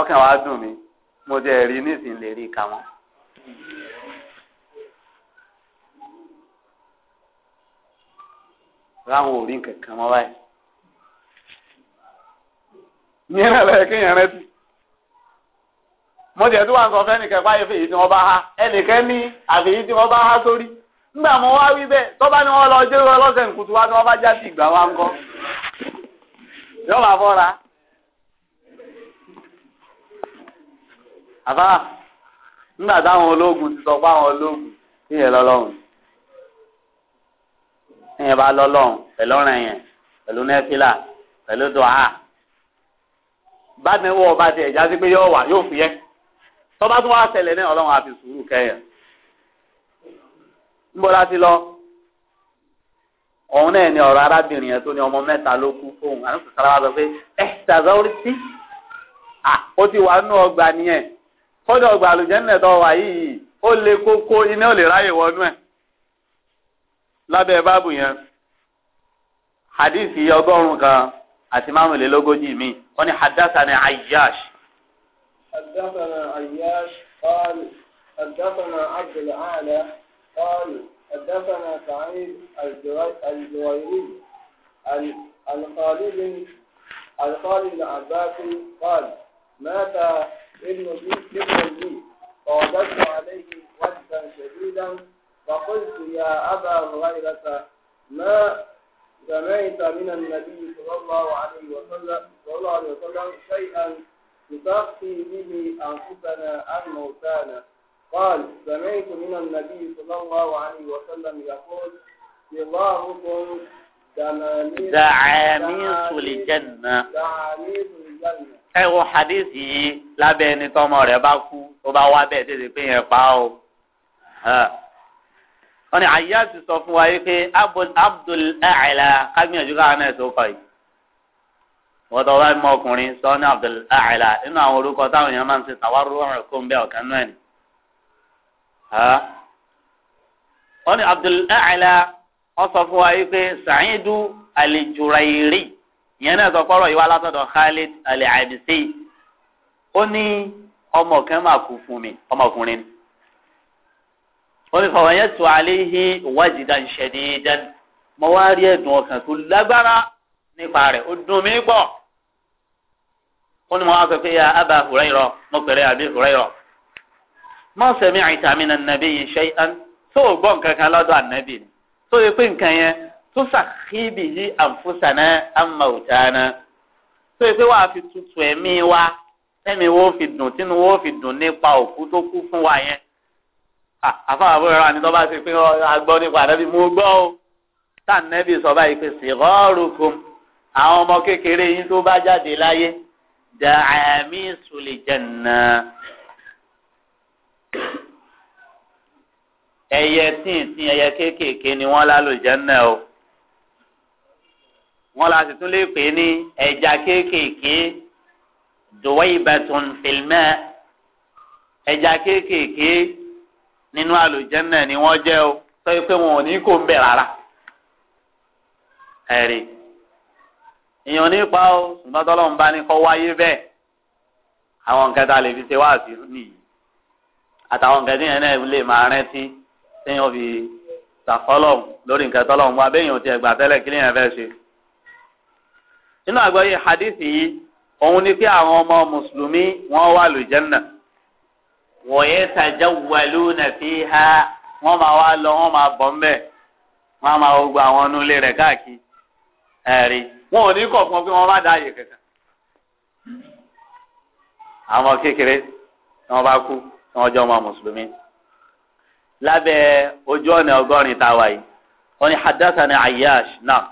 [SPEAKER 1] ọkàn wa dùn mí mo ti rí nísìnyí lè rí ka mọ́. láwọn ò rí nǹkan kan mọ́ báyìí. yẹn náà lọ́yẹ̀ kéèyàn rántí. mo jẹ́ tí wọ́n sọ fẹ́ nìkan fáyé fèyí tí wọ́n bá há ẹnìkan ní àfèyí tí wọ́n bá há sórí. nígbà mo wá wí bẹ́ẹ̀ tó bá wọ́n lọ jẹ́ lọ́sẹ̀ nkùtù wá tí wọ́n bá já sí ìgbà wa ń kọ́. yọ̀ọ́ máa fọ́ra. àbá nígbà táwọn ológun ti sọ pé àwọn ológun ìyẹn lọ́lọ́run ìyẹn bá lọ́lọ́run pẹ̀lú ọ̀ràn yẹn pẹ̀lú nẹ́fílà pẹ̀lú dọ̀hà bádẹ́wọ̀ ọba tiẹ̀ já sí pé yóò wà yóò fi yẹ tọ́ba tó wá ṣẹlẹ̀ náà ọlọ́run àfi sùúrù kẹyẹ níbo la ti lọ òun náà ni ọ̀rọ̀ arábìnrin yẹn tó ní ọmọ mẹ́ta ló kú fóun àti sàkàrà wa sọ pé ẹ̀ tàzá orí sí ó ti wà nù ọgbà nìyẹn kódà ọgbà àlùjẹ́nìlẹ̀ tó wà yìí ó lè kókó iná ò lè ráyè wọnú ẹ̀ lábẹ́ báàbù yẹn hadithi ọgọ́rùn kan àti márùnlélógójì mi wọ́n ní hadathana ayyash.
[SPEAKER 3] hadathana ayyash qal hadathana abdul ala qal hadathana sa'id al-juwayri al-khalid al-khalid al-abbasi qal mata. ابن لي ابن لي فوجدت عليه وجدا شديدا فقلت يا أبا هريرة ما سمعت من النبي صلى الله عليه وسلم صلى الله عليه وسلم شيئا تسقي به أنفسنا عن موتانا قال سمعت من النبي صلى الله عليه وسلم يقول سراهكم دعاميص لجنة دعاميص لجنة
[SPEAKER 1] ẹ wo hadith yìí lábẹ́ ẹni tọ́mọ rẹ̀ bá kú tó bá wá bẹ́ẹ̀ tètè pé yẹn pa o. wọ́n ní àyà ti sọ fún wa yìí pé Abdul A'la kágbìyànjú káwọn náà tó kọ yìí. wọ́n tọ́ wá mọ ọkùnrin sọ ní Abdul A'la nínú àwọn orúkọ táwọn èèyàn máa ń ṣe tàwárò ọ̀rọ̀ kó ń bẹ ọ̀kan náà ni. wọ́n ní Abdul A'la wọ́n sọ fún wa yìí pé Sa'idu al-Jurayri ìyẹn náà sọ pọ́rọ̀ ìwà látọ̀dọ̀ Khalid al-Abisi ó ní ọmọ kan máa kú fún mi ọmọkùnrin ni ó ní fọwọ́ yẹn tó aléhi wajidan shadidan mo wá rí ẹ̀dùn ọkàn tó lágbára nípa rẹ̀ ó dùn mí pọ̀ ó ní mo wá sọ pé ya Aba Hurayra mo pèrè àbí Hurayra ma sami'ta mina an-nabiyyi shay'an tó gbọ́ nǹkan kan lọ́dọ̀ ànábì ni tó yẹ pé nǹkan yẹn túsàkì bìí ànfúsànà àmàwùtánà tó yẹ pé wàá fi tutù ẹ̀mí wa ẹ̀mí wo fi dùn tínú wo fi dùn nípa òkú tó kú fún wa yẹn àfọwọ́ àbúrò rẹ̀ àni tó bá ṣe pé agbọ́ nípa àdàbí mo gbọ́ o táwọn nẹ́bí sọ báyìí pé sìgọ́rùkùn àwọn ọmọ kékeré yín tó bá jáde láyé dàmí sùlẹ̀ jẹ̀nà ẹyẹ tíntìn ẹyẹ kéékèèké ni wọ́n lálùjẹ́ náà o wọn la sì tún lè pè ní ẹja kéékèèké duwaybatun fil ma ẹja kéékèèké nínú àlùjẹ́nà ni wọ́n jẹ́ o sọ pé wọn ò ní kó ń bẹ̀ rárá ẹ̀rí èèyàn nípa o ṣùgbọ́n tọ́lọ́run bá ní kọ́ wáyé bẹ́ẹ̀ àwọn nǹkan tá a lè fi ṣe wáàsí nìyí àtàwọn nǹkan tí yẹn náà lè máa rántí téèyàn fi ṣàfọ́lọ̀ lórí nǹkan tọ́lọ́run wá béèyàn ti ẹ̀gbà tẹ́lẹ̀ kí lèèyàn fẹ́ ṣe nínú àgbáyé hadith yìí òun ni pé àwọn ọmọ mùsùlùmí wọ́n wà lùjẹ́nà wọ́n yẹ tàjà wàlú nàfi ha wọ́n máa wá lọ wọ́n máa bọ̀ mbẹ́ wọ́n máa gba àwọn inú rẹ̀ káàkiri ẹ̀rí wọn ò ní kọ̀ fún ọ pé wọ́n bá dá àyè kankan àwọn kékeré tí wọ́n bá kú tí wọ́n jẹ́ ọmọ mùsùlùmí lábẹ́ ojú ọ̀nà ọgọ́rin tá a wáyé wọ́n ní hadathana Ayyash náà.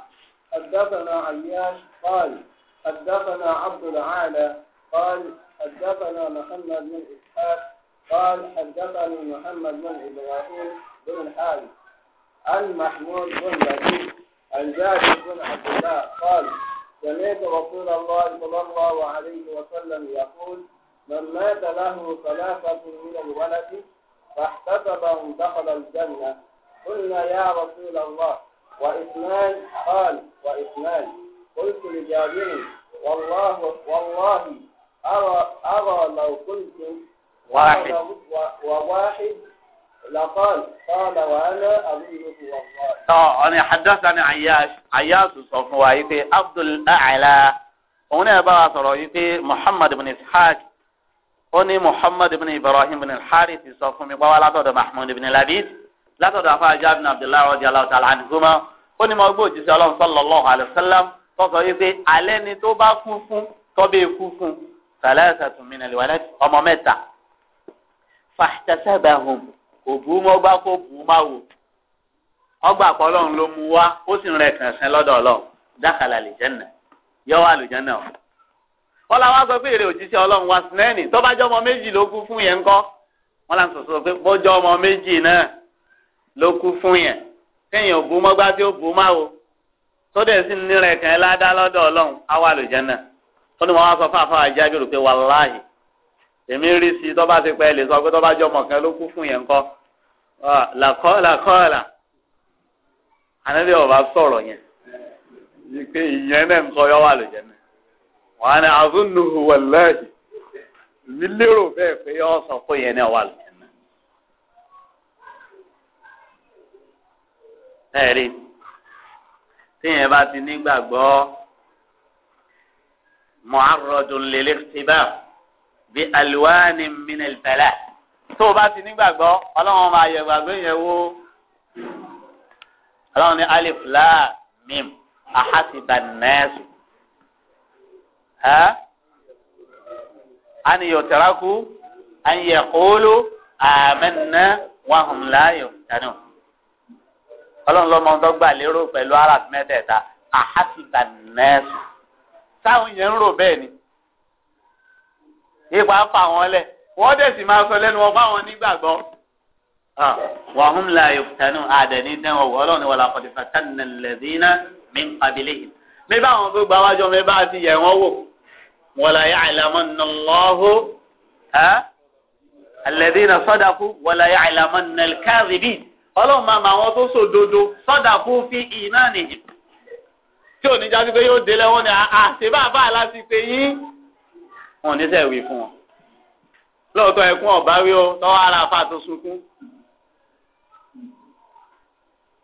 [SPEAKER 3] hadathana Ayyash. قال حدثنا عبد العالى قال حدثنا محمد بن إسحاق قال حدثني محمد بن إبراهيم بن الحارث عن محمود بن لبيب عن جابر بن عبد الله قال سمعت رسول الله صلى الله عليه وسلم يقول من مات له ثلاثة من الولد فاحتسبهم دخل الجنة قلنا يا رسول الله واثنان قال واثنان قلت لجابر والله والله أرى أرى لو كنت واحد وواحد لقال قال وأنا أظنه
[SPEAKER 1] والله. أنا حدثني عياش عياش صفن وايتي عبد الأعلى هنا بقى صرايتي محمد بن إسحاق oni muhammad ibn ibrahim ibn al-harith sọ fún mi gbọ́ wá látọ̀dọ̀ mahmud ibn labid látọ̀dọ̀ afa jabir abdullahi radiyallahu ta'ala anhuma oni mo gbọ́ òjíṣẹ́ ọlọ́run sallallahu alayhi wa tọ́sọ yìí pé alẹ́ ni tó bá kú fún tọ́bẹ̀ kú fún sàlẹ́sà tún mí nàlẹ́ wàlẹ́ ọmọ mẹ́ta fàtẹ́sẹ̀bẹ̀ hùn kò bú mọ́ bá kó bú má wò ọgbà pọ́lọ́run ló mú wá ó sì rẹ̀ kẹ̀sẹ̀ lọ́dọ̀ ọlọ́run dákàlà lè jẹ́nà yọ wà lùjẹ́nà o. wọ́n la wá sọ pé èrè òjíṣẹ́ ọlọ́run wá sinẹ́ẹ̀nì tó bá jẹ́ ọmọ méjì ló kú fún yẹn ńkọ́ wọ́n la sọ̀sọ̀ pé bọ́jọ́ ọmọ méjì náà ló kú fún yẹn kéèyàn bú mọ́gbá tí ó bú má wò tó dẹ̀ sí nírẹ̀ kan ẹ̀ ládàá lọ́dọ̀ ọlọ́run á wà lójánà ó ní wọn wá sọ fún àfáà Jábìrù pé wàláhì èmi rí sí tọ́ bá ti pẹ́ lè sọ pé tọ́ bá jọ mọ̀ kan ló kú fún yẹn kọ́ làkọ́ọ̀là ànábì ọba sọ̀rọ̀ yẹn pé ìyẹn náà ń sọ yọ wà lójánà wọn á ní àzúnnù wàláhì mi lérò bẹ́ẹ̀ pé yọ sọ pé yẹn náà wà lójánà. ẹ̀rí téèyàn bá ti nígbàgbọ́ mu'arradun lil-ikhtibar bi alwanin min al-bala tó o bá ti nígbàgbọ́ ọlọ́run máa yẹ gbàgbé yẹn wò ọlọ́run ní alif lam mim ahasiba an-nasu ha an yutraku an yaqulu amanna wa hum la ọlọ́run lọ́mọ ọdọ́ gbà lérò pẹ̀lú arab mẹ́tẹ̀ẹ̀ta àhásìgbà nẹ́ẹ̀sì táwọn yẹn ń rò bẹ́ẹ̀ ni ipa fa wọn lẹ wọ́n dẹ̀ sì máa sọ lẹ́nu wọn fáwọn nígbàgbọ́ wàhùn la yòkùtánù àdẹ̀ní dẹ́wọ̀n wọ́n ọlọ́run wọlé àkọ́dé fatánà lẹ́dínà mí ń pabilé yìí mi bá àwọn tó gba wájọ mi bá ti yẹ wọn wò wọlé ayé àìlámọ́ nàlọ́hó ẹ́ lẹ́dínà sọ́dàkú wọlé ayé àìlámọ́ nàlkáàzìbí ọlọ́run máa ma àwọn tó sòdodo sọ́dà fún fi iná nìyí tí òní jáde pé yóò dé lẹ́wọ́n ni àṣebá ah, ah, bá a láti pé yín wọn ò ní sẹ́ wí fún wọn lóòótọ́ ẹkún ọ̀bá rí o tọ́wọ́ ara afa tó sunkún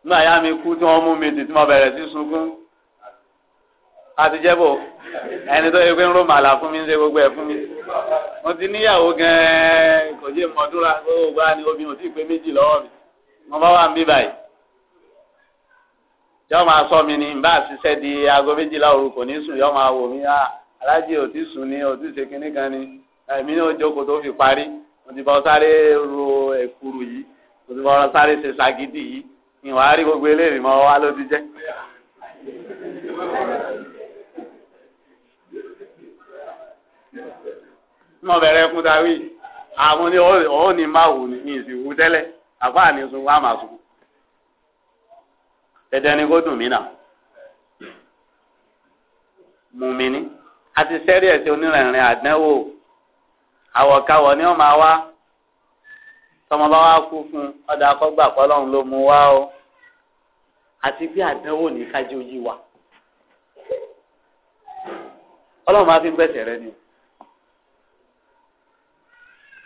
[SPEAKER 1] nígbà yá mi kú tí wọ́n mú mi tì tí mo bẹ̀rẹ̀ sí sunkún àti ẹni tó yẹ pé ń rò màlà fún mi ń ṣe gbogbo ẹ̀ fún mi mo ti níyàwó gan-an kò jẹ́ mọ́dúnra gbogbo àni obìnrin ò tí ì pé méjì lọ́wọ́ mi. mo bá wà ń bí báyìí yọ máa sọ mi ni nbà di aago méjìlá òru kò ní sùn yọ máa wò mí ah, aláàjì ò ti sùn ni ti ṣe kinní kan ni èmi ní kò tó fi parí mo ti bọ́ sáré ro yìí mo ti sáré ṣe ṣàgídì yìí ìwà àfa sun wá màá sun dandan ni kó dùn mí náà mùmíní àti sẹ́rí onírìnrìn àdánwò àwọ̀káwọ̀ ni wọ́n máa wá tọmọ bá wá kú fún ọ̀dà akọ́gbà pọ́lọ́hún ló mú wá o àti bí àdánwò ní kájí ojú wa ọlọ́run máa fi ń rẹ ni o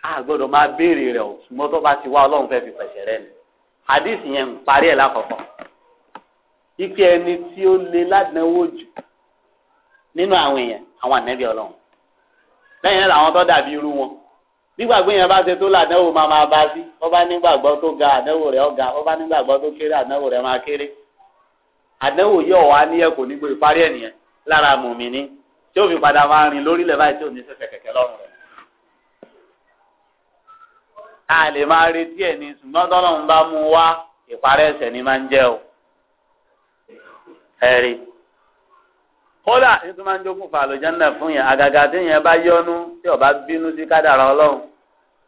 [SPEAKER 1] a gbọ́dọ̀ máa béèrè rẹ̀ o ṣùgbọ́n tó bá ti wá ọlọ́run fẹ́ fi pẹ̀sẹ̀ rẹ̀ ni hadith yẹn ń parí ẹ̀ lákọ̀ọ́kọ́ ike ẹni tí ó le ládánwó jù nínú àwọn èèyàn àwọn ànẹ́bí ọlọ́run lẹ́yìn náà làwọn tó dàbí irú wọn nígbàgbọ́ yẹn bá ṣe tó làdánwò máa máa bá sí wọ́n bá nígbàgbọ́ tó ga àdánwò rẹ̀ ọ̀ga wọ́n bá nígbàgbọ́ tó kéré àdánwò rẹ̀ máa kéré àdánwò yóò wá ní ẹ̀kọ́ nígbò ìparí ẹ̀ nìyẹn lára mùmí ni tí ó fi padà máa rìn lórílẹ̀ báyìí tí ò ní sẹ̀sẹ̀ kẹ̀kẹ́ lọ́rùn rẹ̀ a lè máa retí ẹ̀ ní ṣùgbọ́n tọ́lọ́run bá mú wá ìparẹ́ ẹ̀ṣẹ̀ ni máa ń jẹ́ o ẹ̀rí kódà nítorí máa ń jókòó fà lójánná fún yẹn àgàgà tí yẹn bá yọnu tí ọba bínú sí kádàrá ọlọ́run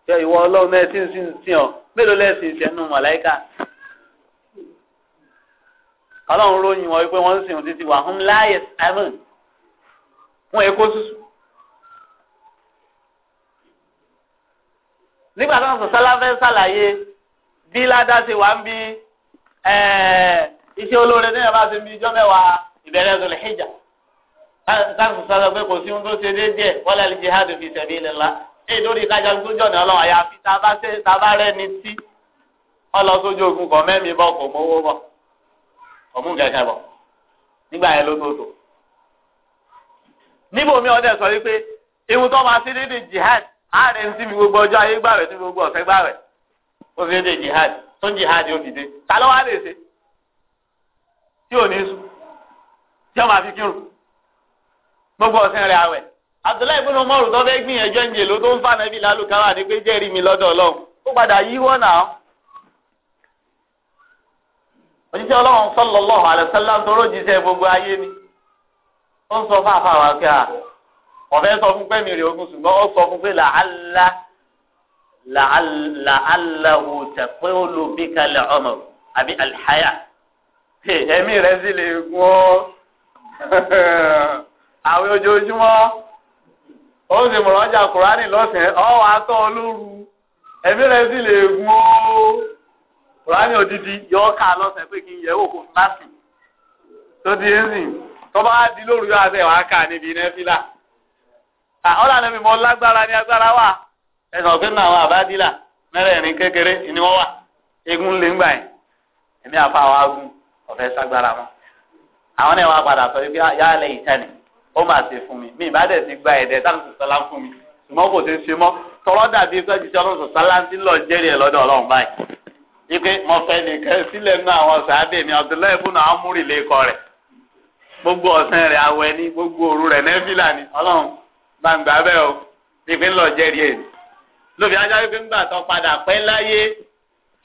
[SPEAKER 1] tí ìwọ ọlọ́run náà sì ń sìn sí ọ mélòó lẹ́sìn ìṣẹ́nu mọ̀láìkà ọlọ́run ròyìn wọn wípé wọ́n ń sìn títí wà hum láyé simon wọn èkó tútù nígbà tó ń sọ sáláfẹ́ sàlàyé bí ládàsí wà ń bí iṣẹ́ olóore ní ìyàbá ti ń bí ijọ́ mẹ́wàá ìbẹ̀rẹ̀ Dhul Hijja táǹsì sọ pé kò sí ohun tó ṣe déédéé wala al-jihad fi sabilillah èyí lórí ìdájọ́ tó jọ̀nà ọlọ́run àyàfi tábà rẹ̀ ní tí ọlọ sójú ogun kọ̀ mẹ́mi bọ́ kò mówó bọ̀ kò mú kẹ̀kẹ́ bọ̀ nígbà yẹn ló tó tó. jihad ààrẹ ń sinmi gbogbo ọjọ́ ayé gbà rẹ̀ gbogbo ọ̀sẹ̀ gbà ó fi dé jihad tó jihad ó fi dé ta ló wá lè ṣe tí ò ní sùn tí ó máa fi kírun gbogbo ọ̀sẹ̀ rẹ̀ àwẹ̀ Abdullahi ibùdó mọ́rù tó fẹ́ tó ń fà nẹ́bí pé mi lọ́dọ̀ Ọlọ́run ó padà náà òjíṣẹ́ Ọlọ́run gbogbo ayé ni ó ń a. ọ̀fẹ́ sọ fún pé mi rè ogun ṣùgbọ́n ó sọ fún pé làálà làálà wò tẹ̀ pé ó lo bí kalẹ̀ ọmọ àbí àlìháyà [laughs] ẹ̀mí rẹ̀ sì lè gún ọ́ [laughs] àwọn ojoojúmọ́ ó sì mọ̀rọ̀ ọjà kùránì lọ́sẹ̀ ọ́ wàá olóru ẹ̀mí rẹ̀ sì lè gún ọ́ kùránì odidi yọ ká lọ́sẹ̀ pé kí n yẹ wò kó fúláṣì tó di ẹ́sìn tó bá di lóru yóò àṣẹ wàá kà níbi nẹ́fílà. Ah, ọ̀là nàbí mo lágbára ní agbára wà ẹ̀sán pé nínú àwọn àbádìlà mẹ́rẹ̀ẹ̀rin kékeré ni wọ́n wà egun lè ń gbà yẹn èmi àfa àwọn agun ọ̀fẹ́ ságbára mọ́ àwọn náà padà sọ pé ah, yálẹ̀ ìtẹ́ni ó máa ṣe fún mi mi dẹ̀ ti gba ẹ̀dẹ̀ táwọn sọ̀tọ̀ fún mi ṣùgbọ́n kò ti tọrọ dàbí sọ̀tọ̀ lọ ẹ̀ lọ́dọ̀ ọlọ́run báyìí ipe nìkan sílẹ̀ nínú àwọn mi gbogbo rẹ̀ awẹ ní gbogbo òru rẹ̀ nẹ́fìlà gbangba bẹ́ẹ̀ o ti fi ń lọ jẹ́rìí èyí lóbi ajá wípé ńgbà tó padà pẹ́ láyé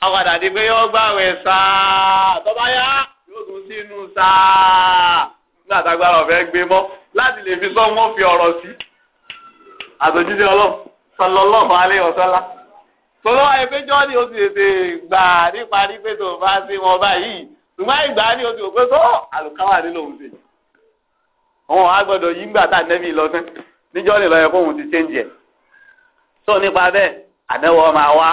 [SPEAKER 1] ọ̀padà di pé yóò gbàwẹ̀ sáà tó
[SPEAKER 4] bá yá yóò tún sínú sáà
[SPEAKER 1] nígbà tágbára ọ̀fẹ́ gbé mọ́ láti lè fi sọ wọ́n fi ọ̀rọ̀ sí àtòjúdé ọlọ́run sọlọ́lọ́run alẹ́ ọ̀sọ́lá tọ́lọ́ ẹgbẹ́jọ́ ni ó ti tètè gbà nípa ní pé tó bá sí wọn báyìí ṣùgbọ́n ìgbà ni ó ti rò pé tó àlùkáwà nínú òun ṣe. àwọn àgbọ̀dọ̀ yìí gbà tá níjọ́ lè lọ́yẹ kóhun ti ṣéǹjì ẹ̀ tó nípa bẹ́ẹ̀ àdẹ́wọ́ máa wá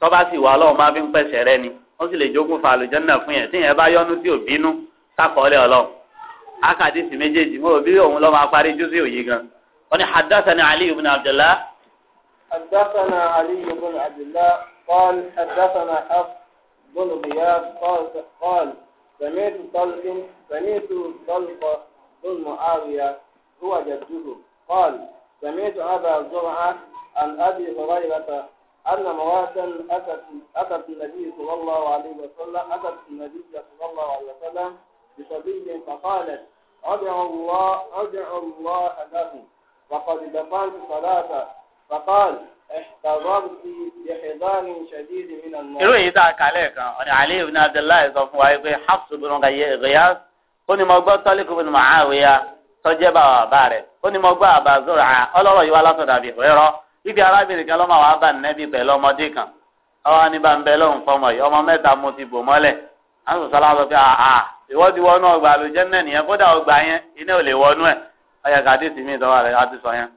[SPEAKER 1] tọ́ba sì wà ọlọ́run máa fi ń pẹ̀sẹ̀ rẹ ni wọ́n sì lè jogún fa àlùjànnà fún yẹn tí yẹn bá yọnu tí ò bínú sákọọ́lẹ̀ ọlọ́run akadisi méjèèjì mo bí òun lọ́ máa parí jùsí òye gan wọ́n ní hadassani ali ibn abdullah.
[SPEAKER 3] hadassana ali ibn abdullah qal hadassana haf bun riyad qal qal sami'tu talqin sami'tu talqa bun muawiya huwa قال سمعت أبا زرعة عن أبي هريرة أن امرأة أتت أتت النبي صلى الله عليه وسلم أتت النبي صلى الله عليه وسلم بصبي فقالت ادعوا الله ادعوا الله له وقد دفنت صلاته فقال احتضرت بحضار شديد من النار. irú èyí
[SPEAKER 1] tá علي بن عبد الله Ali ibn Abdullahi sọ fún wa pé بن معاوية tọ́jẹ́ bá bàbá rẹ̀ ó ní mo gbọ́ àbá zora ọlọ́rọ̀ yìí wá látọ̀dọ̀ àbí ìwérọ́ ibi arábìnrin kan lọ́mọ àwọn abá nẹ́bí pẹ̀lú ọmọdé kan ọwọ́ ní ń bẹ lóhùn fọmọ yìí ọmọ mẹ́ta mo ti bò mọ́lẹ̀ àwọn sọ̀rọ̀ fi àà ìwọ́dí wọnú ọgbà àlùjẹ́ náà nìyẹn kódà ọgbà yẹn iná ò lè wọnú ẹ̀ ọyà kàdé sí mi ìtọ́wà rẹ̀ àti sọ yẹn.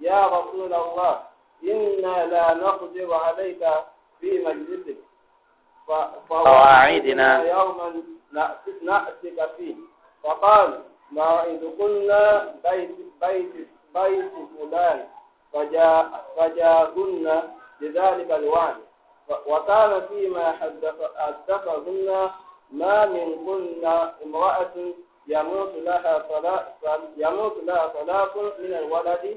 [SPEAKER 3] يا رسول الله إنا لا نقدر عليك في مجلسك فواعدنا يوما نأتك فيه فقال موعدكن بيت بيت بيت فلان فجاء فجاءهن بذلك الوعد وكان فيما حدثهن ما من كنا امرأة يموت لها صلاة يموت لها صلاة من الولد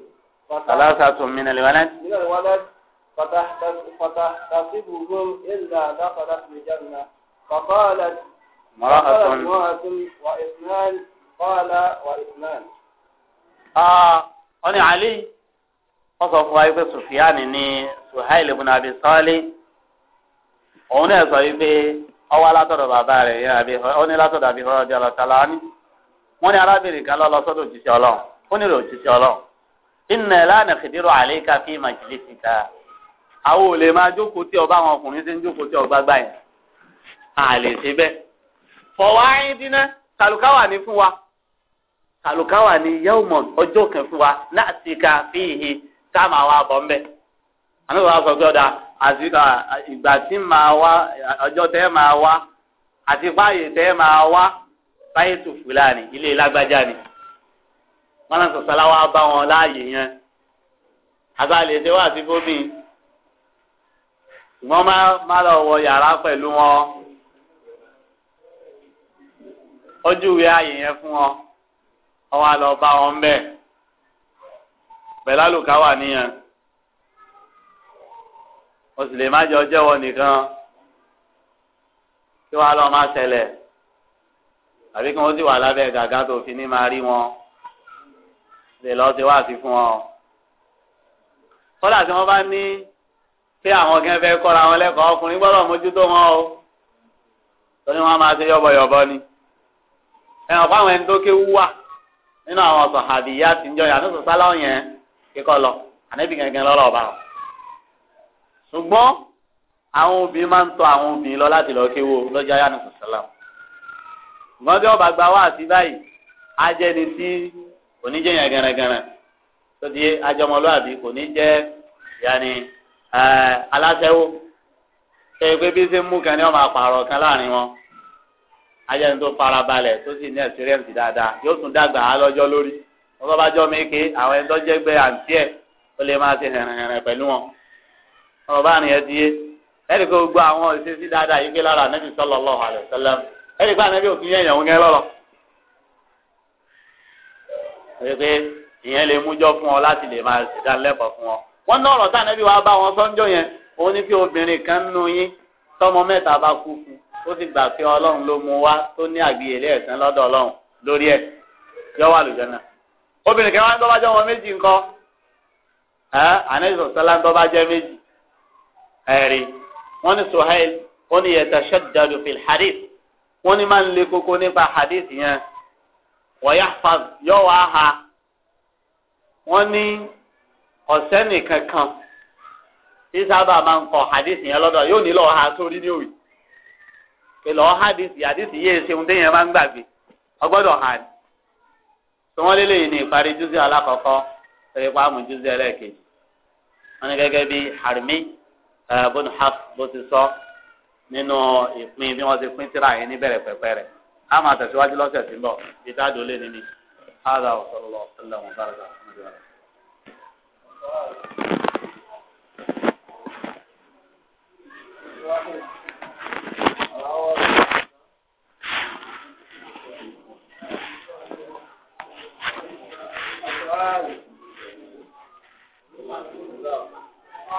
[SPEAKER 3] ثلاثة من الولد من الولد فتحتسبهم إلا دخلت الجنة فقالت امرأة وإثنان قال وإثنان
[SPEAKER 1] آه أنا علي ọsọ fún wa yìí pé Sufyani ní Suhail ibn Abi Salih òun náà sọ yìí pé ọwọ́ alátọ̀dọ̀ bàbá rẹ̀ yẹn àbí ó ní látọ̀dọ̀ àbí ọ̀rọ̀ ọ̀dẹ̀ ọ̀lọ́tàlá ni wọ́n ní arábìnrin kan lọ́ọ́ lọ sọ́dọ̀ òjíṣẹ́ Ọlọ́run ó nílò òjíṣẹ́ Ọlọ́run inna la naqdiru alayka fi majlisika àwọn ò lè máa jókòó tí ọba àwọn ọkùnrin ṣe ń jókòó tí ọba gbà yẹn à lè ṣe bẹ́ẹ̀. fọwọ́ ayé dínà kàlùkáwà ní fún wa kàlùkáwà ní yẹ́wùmọ̀ ọjọ́ kan fún wa láti ka fíhì ká máa wá bọ̀ ńbẹ́. àmì wàá sọ pé ọ̀dà àti ìgbà tí máa wá ọjọ́ tẹ́ máa wá àti fáyè tẹ́ máa wá fáyè tù fúlàní ilé lágbájá ni wọn náà sọ̀sọ́lá wa bá wọn láàyè yẹn àtàlẹ́ ṣe wá sí bómi wọ́n má lọ wọ yàrá pẹ̀lú wọn ojú ìwé ààyè yẹn fún wọn wọn wá lọ bá wọn bẹ́ẹ̀ pẹ̀lú àlùkà wà níyẹn o sì lè má jọ jẹ́wọ́ nìkan kí wàá lọ má ṣẹlẹ̀ àbí kí wọ́n sì wà lábẹ́ gàgá tó fi ní máa rí wọn lè lọ sí wáàsí fún ọ. kọ́lá tí wọ́n bá ní pé àwọn kan fẹ́ kọ́ra wọn lẹ́kọ̀ọ́ ọkùnrin gbọ́dọ̀ mójútó wọn o torí wọn máa ṣe yọ̀bọ̀yọ̀bọ̀ ni. ẹ̀wọ̀n fáwọn ẹni tó kéwú wà nínú àwọn sọ̀hàbì ìyá tí ń jọ yàtọ̀ sọ sálọ̀ yẹn kíkọ́ lọ ànẹ́bí gangan lọ́rọ̀ ọba ṣùgbọ́n àwọn obìnrin máa ń tọ àwọn obìnrin lọ láti lọ kéwú lọ́jọ́ ayánusọ̀sálàm ṣùgbọ́n bí ọba gba wá àti báyìí á tí kò ní jẹ́ yẹn gẹ́rẹ́gẹ́rẹ́ tó di ajọmọlúwàbí kò jẹ́ yanni ṣe pé bí ṣe ń mú kan ní ọmọ àpàrọ̀ kan láàrin wọn ajẹ́ni tó farabalẹ̀ tó sì ní ẹ̀sírẹ́ǹsì dáadáa yóò tún dàgbà á lọ́jọ́ lórí wọ́n bá jọ àwọn ẹni tó gbé àǹtí ẹ̀ ó lè máa ṣe pẹ̀lú wọn bá rìn yé kó gbọ́ àwọn ìṣesí dáadáa yìí pé lára pé ń gẹ́ lọ́rọ̀ pé ìyẹn lè mú jọ fún ọ láti lè máa ṣèdánilẹ́kọ̀ọ́ fún ọ. wọ́n ná ọ̀rọ̀ tá ànábì wa bá wọn sọ́njọ́ yẹn òun ní kí obìnrin kan nù yín tọmọ mẹ́ta bá kú fún ó sì gbà pé ọlọ́run ló mú wá tó ní àgbéyẹlé ẹ̀sán lọ́dọ̀ ọlọ́run lórí ẹ̀ yọ wà lùjọ́nà. obìnrin kan wá ń tọ́ bá jẹ́ ọmọ méjì ńkọ́ ẹ́ sọ́lá ń tọ́ bá jẹ́ méjì ẹ̀rí wọ́n ní Suhail wọ́n ní yẹtẹ̀ ṣẹ́jáde fìl hadith wọ́n ní máa ń le koko nípa hadith yẹn wọ̀yá faz yóò wá ha wọ́n ní ọ̀sẹ́ nìkan kan tí sábà máa ń kọ hadith yẹn lọ́dọ̀ yóò ní lọ́ọ́ ha sórí ní òwì pé lọ́ọ́ hadith hadith yéé ṣeun téèyàn máa ń gbàgbé ọgbọ́dọ̀ ha ni tí wọ́n lélẹ́yìn ní ìparí júzì alákọ̀ọ́kọ́ pẹ̀lú pàmò júzì ẹlẹ́ẹ̀kejì wọ́n ní gẹ́gẹ́ bí harmi eh, bonu bó ti sọ nínú ìpín bí wọ́n ti pín tírà yẹn níbẹ̀rẹ̀ pẹ̀pẹ̀ a máa tẹ̀síwájú lọ́sẹ̀ tí ń bọ̀ ìtajò lé nínú hádà ọ̀sọ̀rọ̀ ọ̀sọ̀lẹ̀ wọn bára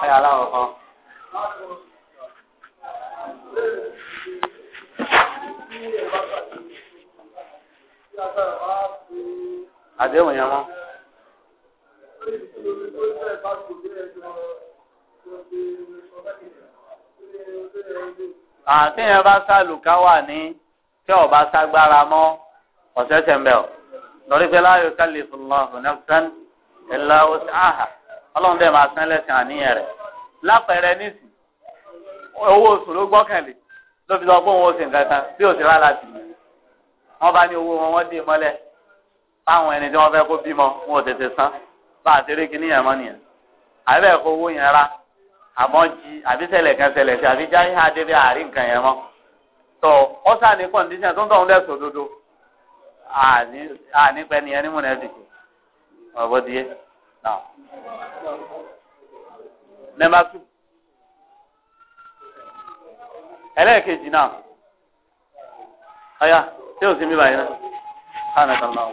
[SPEAKER 4] Ayala ọ̀kan.
[SPEAKER 1] àdéhùn yẹn mọ́. àti ah, yẹn bá sálùkà wà ní tí ọba ságbára mọ́ ọ̀sẹ̀sẹ̀ ń bẹ̀ ọ́ lórí pé la yukallifu Allahu nafsan illa wus'aha ọlọ́run bẹ́ẹ̀ máa sán lẹ́sìn àníyàn rẹ̀ lápẹ̀rẹ̀ nísì owó oṣù ló gbọ́kànlé ló fi lọ gbóhùn oṣù nǹkan kan bí òṣèré aláàtì yìí wọ́n bá ní owó wọn wọ́n dì mọ́lẹ̀ fáwọn ẹni tí wọ́n fẹ́ kó bímọ wọn ò tètè san bá àtẹrẹ kìíní yẹn mọ́ nìyẹn àbí kó owó yẹn rà àmọ́ jí àbí ṣẹlẹ̀ kan ṣẹlẹ̀ sí àbí jáì hà débi àárín nǹkan yẹn mọ́ tó ó sà ní kọ́ndíṣàn tó ń tọ̀hún lẹ́sọ̀ dodo àní pẹ́ nìyẹn nímú náà dìbò ọ̀bọ̀ náà. nẹ́mbà tù ẹlẹ́ẹ̀kejì náà ọ̀yà tí o sì mí báyìí náà.